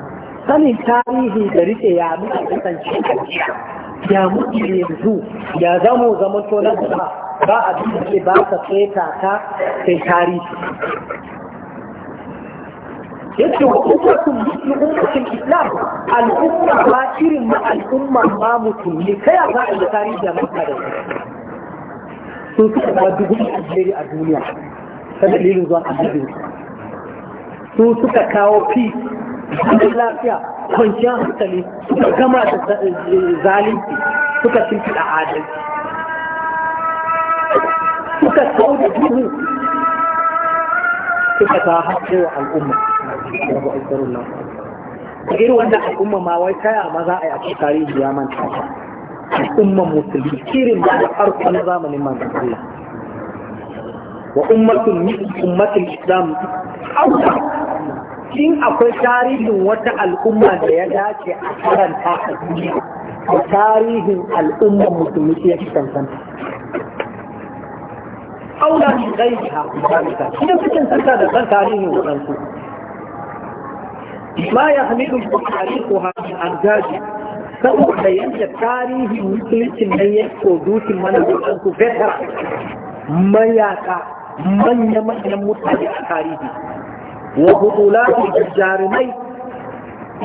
sanin tarihi da rike ya mutu kasance a jiya ya muke yanzu ya zamo zaman to na ba ba abin da ke ba ka feta ta sai tarihi yace wa ummatun ummatin islam al'umma ba irin ma al'umma ma mutum ne kai za a yi tarihi da maka da su sun fi ba dubu a duniya ta dalilin zuwa annabin su suka kawo fi zaman lafiya kwanciyar hankali suka gama da eh, zalunci suka shirki da adalci suka kawo da duhu suka ta haske wa al'umma irin wanda al'umma ma wai kaya ma za a yi a cikin tarihi ya manta al'umman musulmi irin da farko na zamanin manzon Allah wa ummatun min ummatil islam auta in akwai tarihin wata al'umma da ya dace a karanta a da tarihin al'umma musulmi ya fi cancanta aula zai ghayriha misalika idan ka cancanta da san tarihin wadansu ma ya hamidu tarihuha min gaji, saboda yadda tarihin musuluncin nan ya ko dukin mana wadansu veteran mayaka manya manyan mutane a tarihi wa hudulati jarumai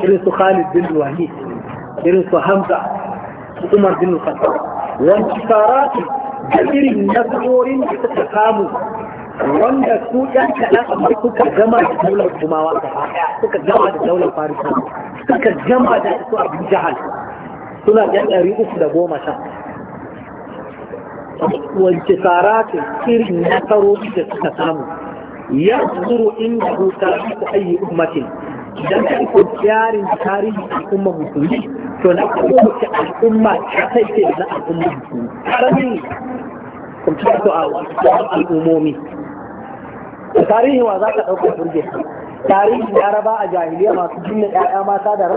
irin su Khalid bin Walid irin su Hamza su Umar bin Khattab wa kisarati da irin nasarorin da suka samu wanda su ɗan kaɗan amma suka gama da daular kumawa suka gama da daular farisa suka gama da su abin jihar suna ɗan ɗari uku da goma sha wance saratu irin nasarori da suka samu ya zuru inda huta su ayi ummatin idan ka iko tsarin tarihi al'umma musulmi to na kowace al'umma na al'umma musulmi karamin kuma to a al'ummomi tarihi za ka ɗauka burge tarihin yaraba a jahiliya masu 'ya'ya mata da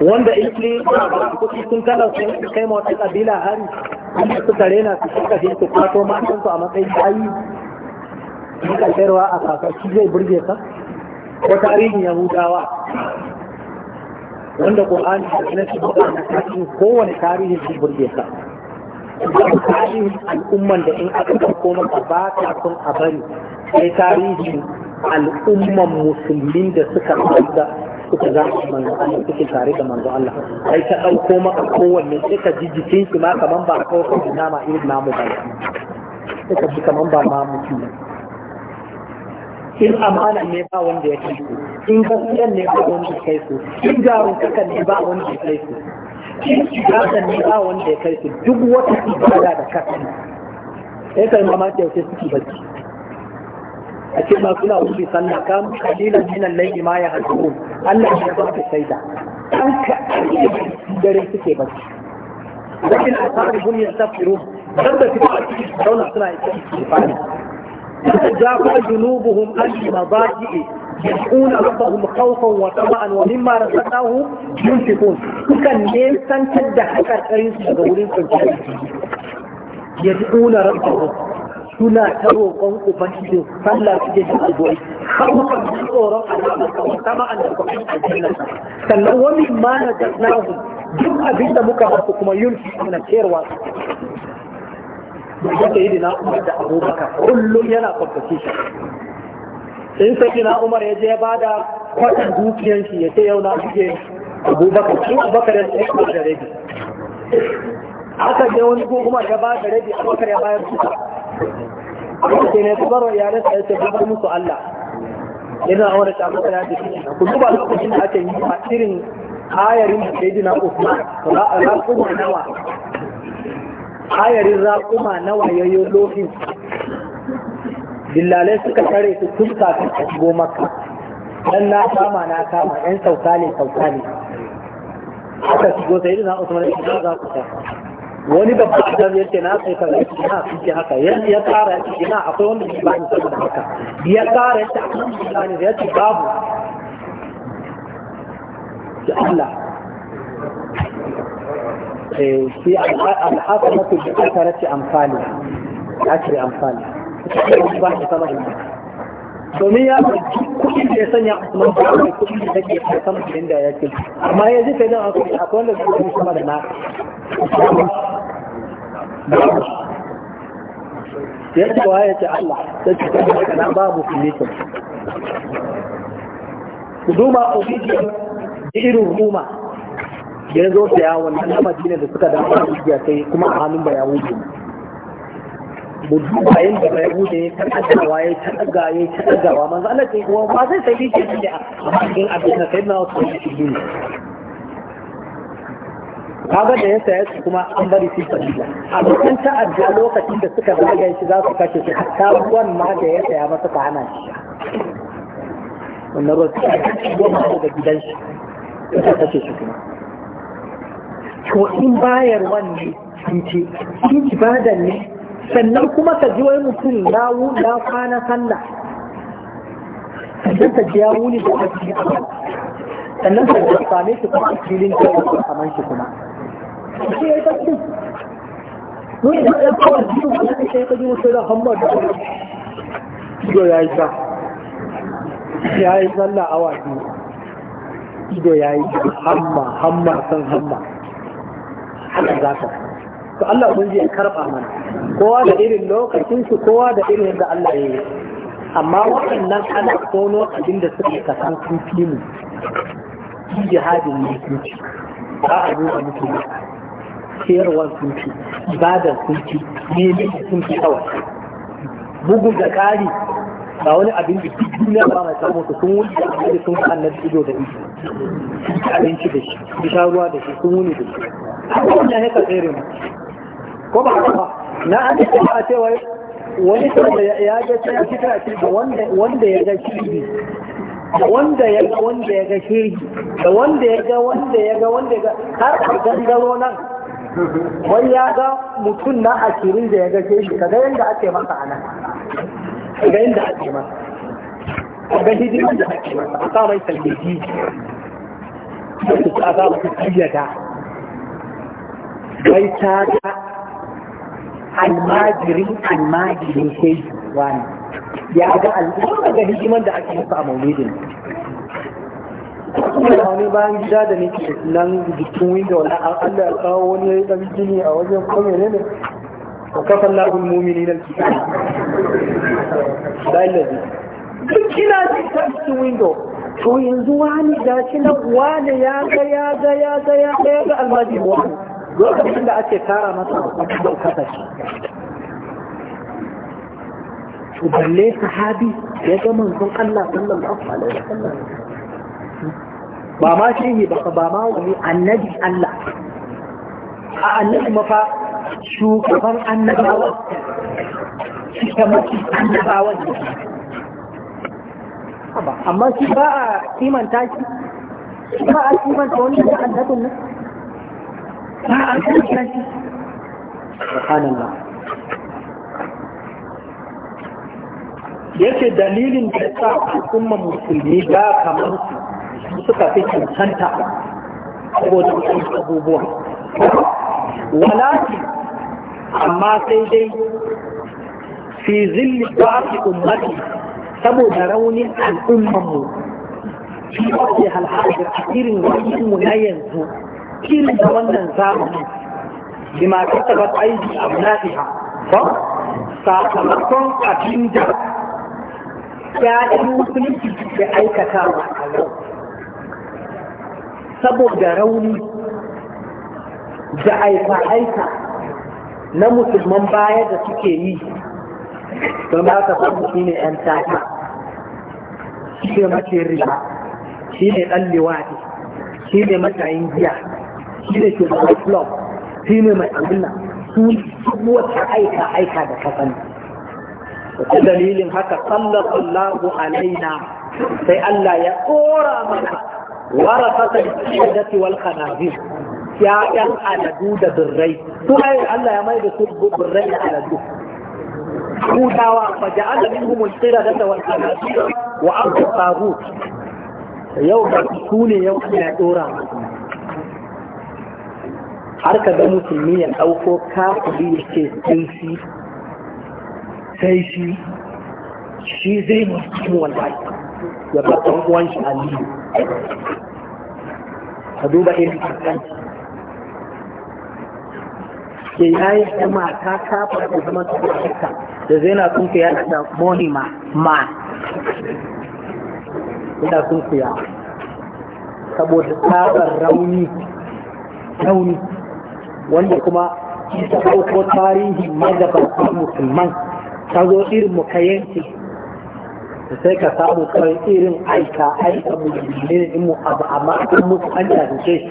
wanda ikili kuɗi sun kala su kai ma wata ƙabila hari kuma suka rena su suka shi su kwato matansu a matsayin ayi in ka sayarwa a kasuwa zai burge ka ko tarihin yahudawa wanda ƙur'ani da na shi na tarihin kowane tarihin shi burge ka babu tarihin al'umman da in aka ɗauko maka ba ta sun a bari sai tarihin al'umman musulmin da suka suka za su manzo Allah suke tare da manzo Allah sai ta ɗauko maka kowanne sai ka ji jikin shi ma kaman ba a kawo kan nama irin namu ba sai ka ji kaman ba ma mutum in amana ne ba wanda ya kai ku in gaskiyan ne ba wanda ya kai ku in garun kakan ne ba wanda ya kai ku in kan ne ba wanda ya kai ku duk wata ibada da kasan sai kai mamaki yau sai suke bacci a ce ma suna wuce sallah kam kalilan min al-layli ma yahzurun Allah ya ba ka shaida an ka dare suke bacci lakin asabun yastaghfirun dabba su ba dauna suna istighfari تتجافى جنوبهم عن المضاجع يدعون ربهم خوفا وطمعا ومما رزقناهم ينفقون كان نيسان تدحك الكريم في دورين يدعون ربهم suna ta roƙon ubangiji sallah cikin da abuwai har kuma ji tsoron alaƙa sama an da kwakwai a jannan sannan wani ma na da nahu duk abin da muka basu kuma yun na cewa da yake yi da umar da abubakar kullum yana kwakwace shi in sai na umar ya je ya bada kwaɗin dukiyan shi ya ce yau na shige abubakar shi abubakar ya ce ba da rabi aka je wani ko umar ya ba da rabi abubakar ya bayar su sai ne tabar wa iyalan sa ya tabbatar musu Allah ina a ta tsamu kana da ku duba lokacin da ake yi a irin ayarin da sai dina Usman kuma nawa ayarin kuma nawa yayyo lokin dillalai suka tare su tun kafin a shigo maka dan na kama na kama ɗan sauka ne sauka ne aka shigo sai dina Usman ya za ku ta wani babban adam yace na sai ka yace na kike haka ya tsara yace ina akwai wanda ke ba a saboda haka ya tsara a alhamdulillah ya yace babu ya Allah eh shi mafi hasanatu bi kasarati amfani akri amfani ba ni saboda domin ya ɗauki kuɗin da ya sanya a kuma ba da kuɗin da ke a sama da inda ya ce amma ya zai kai a kuɗi a wanda su kuɗi sama da na ya ce wa ya ce Allah ya ce kai da na babu kulitin ku duba obidiyar da irin ruma ya zo da yawon na madina da suka damar da sai kuma a hannun bayan ne mu duba yadda bai bude ya ta ɗagawa ya ta ɗaga ya ta ɗagawa manzo Allah sai kuma ba zai sai yake da amma abin da sai na wasu shi ne kaga da ya saya su kuma an bari shi fadila abokan ta'adda lokacin da suka zaga shi za su kashe shi hatta ruwan ma da ya saya masa ta hana shi wannan ruwan suka kashe goma daga gidan shi suka kace shi kuma to in bayar wani sun ce in ne sannan kuma ka ji wai mutum na ya kwana sallah sannan ka ji ya wuni da aiki a sannan ka ji same shi kuma a filin da ya kaman shi kuma shi ya yi tafi mun da ya kawar da kuma da ya kaji mutum da hambar da ido ya yi sa ya yi sallah awa biyu ido ya yi hamma hamma san hamma haka za ka to Allah ubangiji ya karba mana kowa da irin lokacin shi kowa da irin yadda Allah ya yi amma waɗannan ana tono abin da suke kasan sun fi mu jihadin ne sun ci ba a zo a mutu ciyarwar sun ci ibadar sun ci nemi sun ci kawai bugu da ƙari ba wani abin da duk duniya ba mai samu su sun wuni da abin da sun fi annar ido da ido abinci da shi su sha ruwa da shi sun wuni da shi a wannan haka tsere mu ko ba haka ba na an ce a cewa wani da ya ga sai ya fita shi da wanda ya ga shirgi da wanda ya ga wanda ya ga shirgi da wanda ya ga wanda ya ga wanda ya ga har a gangaro nan wani ya ga mutum na ashirin da ya ga shirgi kaga yadda ake masa a nan kaga yadda ake masa kaga hidiman da ake masa a sa mai talbiji a sa mai tabbata bai ta almajirin almajirin sai wani ya ga al'umma ga hikiman da ake musu a maulidin kuma da wani bayan gida da nake nan jikin wanda wani Allah ya kawo wani ya yi ɗan jini a wajen kome ne ne wa kafan lahun mumini na cikin dalilazi duk kina ta cikin window to yanzu wani gashi na wani ya ga ya ga ya ga ya ga almajirin wani lokacin da ake kara masa wani ɗaukata shi to balle sahabi ya ga manzon Allah sallallahu alaihi wasallam ba ma shehi ba ba ma wani annabi Allah a annabi mafa shugaban annabawa ta mafi annabawa ne amma shi ba a kimanta shi ba a kimanta wani da annabin nan ba a shi subhanallah yake dalilin da sa al'umma musulmi ba kamar su suka fi cancanta saboda musulmi abubuwa walaki amma sai dai fi zilli ba su ummati saboda raunin al'ummanmu shi ake halhajar a irin wani na yanzu irin da wannan zamani bima kasabat aidi abna'iha ko sakamakon abin da yi musulunci da aikata a yau saboda rauni da aika-aika na musulman baya da suke yi ba ma ka samu shi ne ‘yan tafi shi ne mace riba shi ne ɗan liwadi shi ne matsayin giya shi ne ke zama club shi ne mai abin nan su wata aika aika da kasan wata dalilin haka sallaka Allahu alaina sai Allah ya tsora mana warasata shidati wal khanazir ya'yan aladu da birrai su ai Allah ya mai da su birrai da aladu hudawa fa ja'ala minhum al-qirada wal khanazir wa abqa yau da su ne yau ina dora musu har ka ga musulmi ya ɗauko kafiri ya ce sai shi sai shi shi zai musulmi wanda ya ba ɗan uwan shi liyu ka duba irin kaskanci ke yayi ta mata kafa da zama su da da zai na sun kuya da moni ma ma ina sun kuya saboda tsabar rauni rauni wanda kuma ta ɗauko tarihin magabatan musulman ta zo irin mu ka yanke sai ka samu kawai irin aika aika musulmi in mu abu amma an mutu an jahilce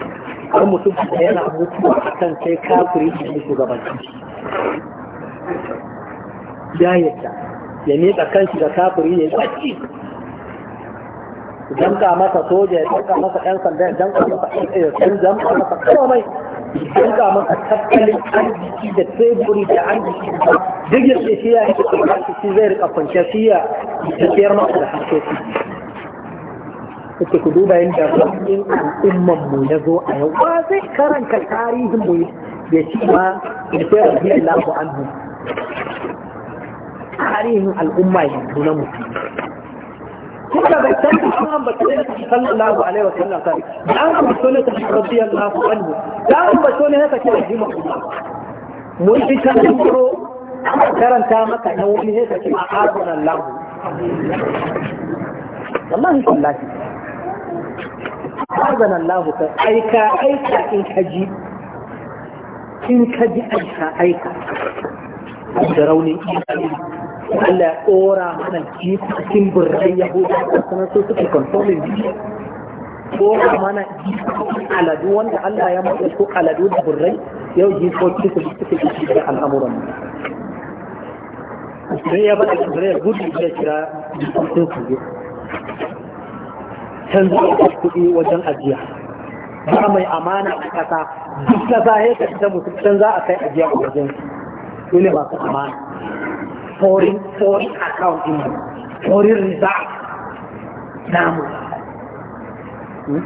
har mutum da yana mutuwa a kan sai kafiri da mutu gabanin ya yadda ya miƙa tsakanci da kafiri ya yi danka masa soja ya danka masa ɗan sanda ya danka masa ɗan danka masa komai danka masa tattalin arziki da teburi da arziki duk ya ce shi ya yi kusurci shi zai rika kwanciya shi ya tafiyar masa da hankali kuke ku duba yadda ra'ayin al'umman mu ya zo a yau ba zai karanta tarihin mu ya ci ma da ya ce rabiyallahu anhu tarihin al'umma yanzu na mutum kuma bai san da shi ba ta da sallallahu alaihi wa sallam sai dan ba so ne ta rabbi Allah anhu dan ba so ne ta ce ji ma mu yi ta ro karanta maka dan wani sai ta ce a'udhu billahi wallahi wallahi Azan Allah ta aika aika in kaji in kaji aika aika da raunin imani Allah ya tsora mana cikin birnin Yahuda a sanar su suke controlling biyu. Tsora mana aladu wanda Allah ya matsa su aladu da birrai yau jikoki su suke ciki da al'amuran. Sai ya bada Israel gudu ya kira jikokin su yi. Canza kuɗi wajen ajiya. Ba mai amana a ƙasa duk na zahir da mutum can za a kai ajiya a wajen su. dole ba su amana foreign foreign account din foreign reserve namu hmm?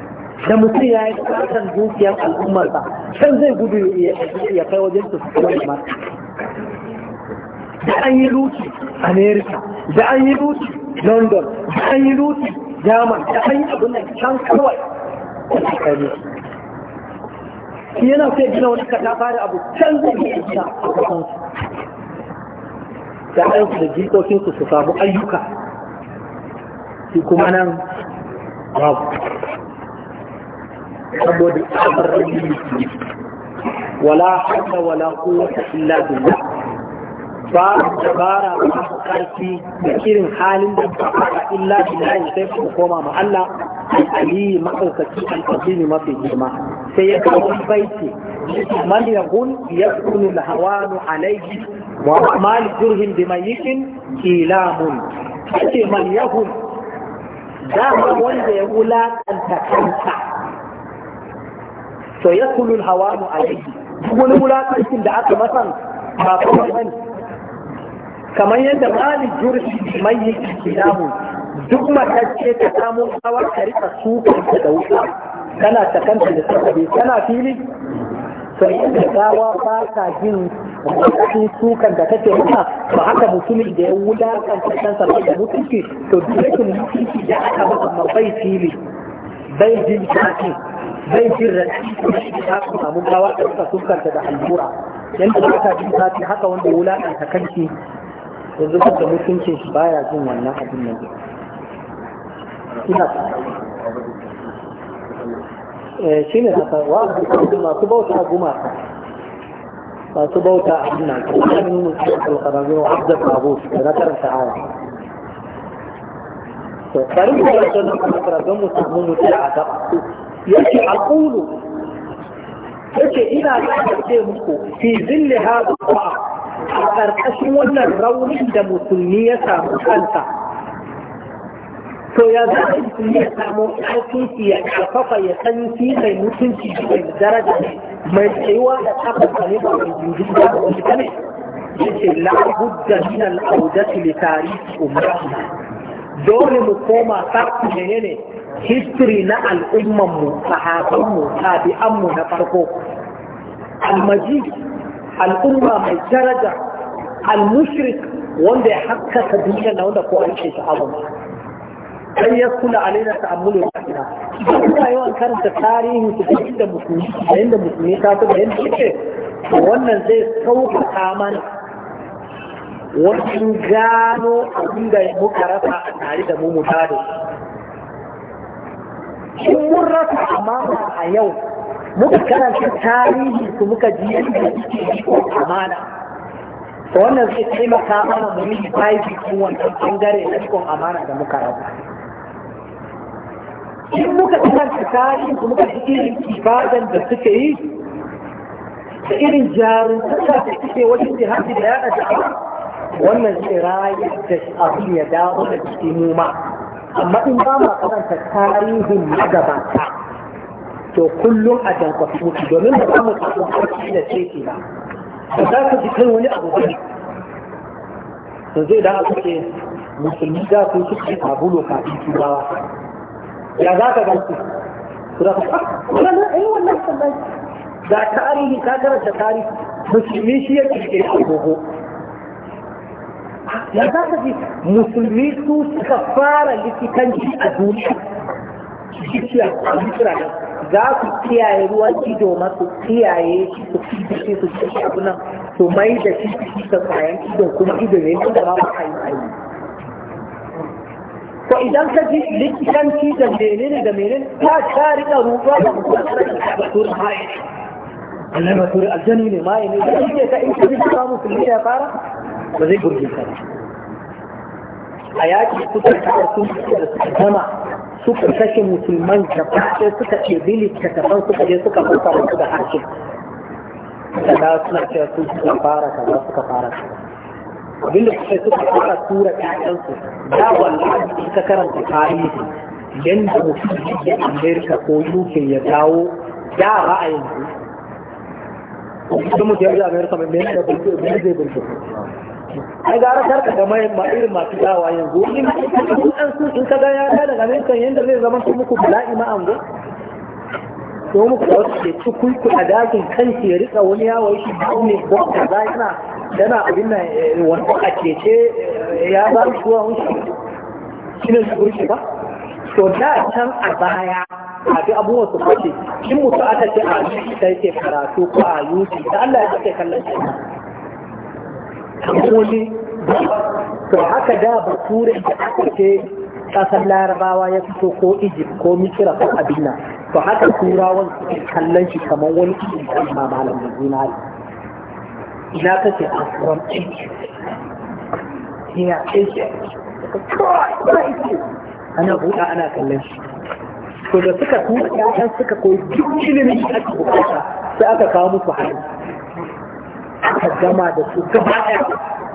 da mutum ya yi kasan dukiyar al'ummar ba can zai gudu ya kai wajen su fito da da an yi luti america da an yi luti london da an yi luti german da an yi abin can kawai shi yana sai gina wani kata fara abu can zai yi gina a kasansu da ayyuka da jikokinsu su samu ayyuka shi kuma nan babu saboda tsabar wala hada wala kowace illa billah babu dabara babu karfi da irin halin da ba a illa billahi sai ku koma ma Allah ali ma'aikaci al-azimi mafi girma sai ya kawo baiti man yakun yakunu al-hawanu alayhi wa mal jurhin bimayyin kilamun yace man ya yakun dama wanda ya wulakanta kanta. to ya yakunu al-hawanu alayhi wani wulakancin da aka masan ba kuma bane kamar yadda mali jurfi mai yake kilahu duk matacce ta samu hawa ta rika suka da wuta kana ta kanta da ta sakabe kana fili to inda gawa ba ta jin wani sukan da kake mata ba haka mutumin da ya wulakan kansa ba da mutunci to dukkan mutunci da aka masa bai fili bai jin shafi bai jin rashi da aka samu gawa da suka sukan da halbura yanda aka jin shafi haka wanda wula kan ta kanki Yanzu duk da mutuncin shi baya jin wannan abin nan Eh shi ne haka wa masu bauta gumaka masu bauta a ina kasarin mutum wa abdar abu da na karanta aya bari da wajen da kuma kararrun mun mutum a Ya ce a kulu ce ina da ake muku fi zille ha da a ƙarƙashin wannan raunin da musulmi ya samu kanta to ya za musulmi ya samu ƙarfinci ya ƙarfafa ya san shi mai mutunci mai daraja mai tsayuwa da ƙarfafa ne ba mai jinjin da wani kane yake la'abudda min al'audati li tarihi ummatina dole mu koma sarki menene history na al'umman mu sahaban mu tabi'an mu na farko al al'umma mai daraja al-mushrik wanda ya hakkaka duniya na wanda ko an ce ta abu sai ya kula alaina ta amulu ina ina yawan karanta tarihin su da inda musulmi da inda musulmi ta ta da yanda yake wannan zai sauƙaƙa mana wajen gano abin ya muka rasa a tare da mu mu Kin mun rasa amana a yau muka karanta tarihi su muka ji yadda suke ko amana to wannan zai taimaka mana mu yi baibi cikin wannan bangare na cikin amana da muka rabu. in muka karanta tarihi su muka ji irin ibadan da suke yi da irin jarumtaka da suke wajen jihadi da yada da'awa wannan zai rayu da abin ya dawo da cikin noma. amma in ba ma karanta tarihin magabata to kullum a dankwafi mutu domin ba mu samu kwanci da ceki ba ba za ku ji wani abu ba ne yanzu idan aka ce musulmi za su su ci sabulu kafin turawa ya za ka gan su su da ah, wannan ai eh, wannan sabai ga tarihi ka karanta tarihi musulmi shi ya kirkiri agogo ah, ya za ka ji musulmi su suka fara likitanci a duniya shi ya kira da za su kiyaye ruwan ido masu kiyaye su fi shi su ci abu nan to mai da shi su fi kayan ido kuma ido ne su da ma ba a yi ayi Ko idan ka ji likitanci da menene da menene ta ta rika ruwa da mutum da tur mai Allah ba tur aljani ne mai ne da shi ka in ka samu kulli ya fara ba zai gurgurta a yaki ta da sun da sama suka kashe musulman da fashe suka ce bili tafan suka je suka da wasu da harshe suka dawo suna cewa sun suka fara kaza suka fara abinda suka suka kusa tura su, da wallahi suka karanta tarihi yanda mutum da Amerika ko UK ya dawo da ra'ayin su. Kuma mutum ya Amerika mai mai da bulbe zai bulbe. ai gara kar ka ga mai irin masu dawa yanzu in an su in ka ga ya ta daga nan kan yanda zai zama su muku bala'i ma ango to muku da wasu ke tukuku a dakin kan ke rika wani yawo shi da ne ko ka za yana yana abin nan eh, wani a kece eh, ya ba shi wa shi ne su gurshi ba to da can a baya a bi abubuwan su kwace in mutu aka ce a yi ta yake karatu ko a yi ta Allah ya ce kallon shi ba, to haka da bature da aka ce kasar larabawa ya fito ko egypt ko misira ko abinna to haka turawan suke kallon shi kamar wani irin kan malam da zinari ina kake a from egypt ina egypt ana buɗa ana kallon shi to da suka tura ya suka koyi duk ilimin da aka bukata sai aka kawo musu hannu takaddama gama da su gaba ɗaya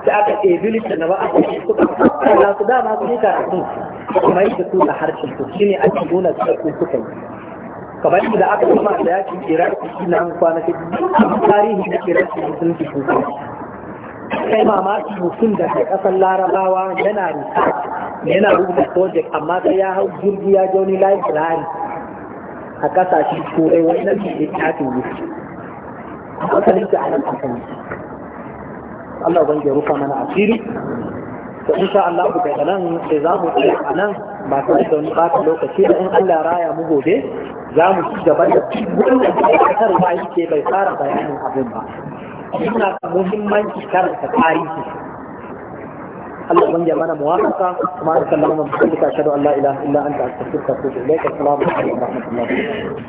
sai aka ɗebi littana ba aka yi suka kalla su dama su yi karatun kuma yi da su da harshen su shine cikin nuna su su suka yi kamar yadda aka gama da yakin iraki ina an kwanaki duk tarihi na iraki sun fi su kai mamaki mutum da ke kasar larabawa yana research yana rubuta project amma sai ya hau jirgi ya jauni wani library a kasashen turai wannan ke littafin yi. haka ne a nan akan Allah ya rufa mana asiri to insha Allah ku daga nan sai za mu tsaya a nan ba da wani lokaci da in Allah raya mu gobe za mu ci gaba da wannan kasar ba yake bai fara bayanin abin ba Ina da muhimmanci karanta tarihi Allah ban ya mana muwafaka kuma Allah sallama mu kallaka shadu Allah ilaha illa anta astaghfiruka wa atubu ilaik assalamu alaikum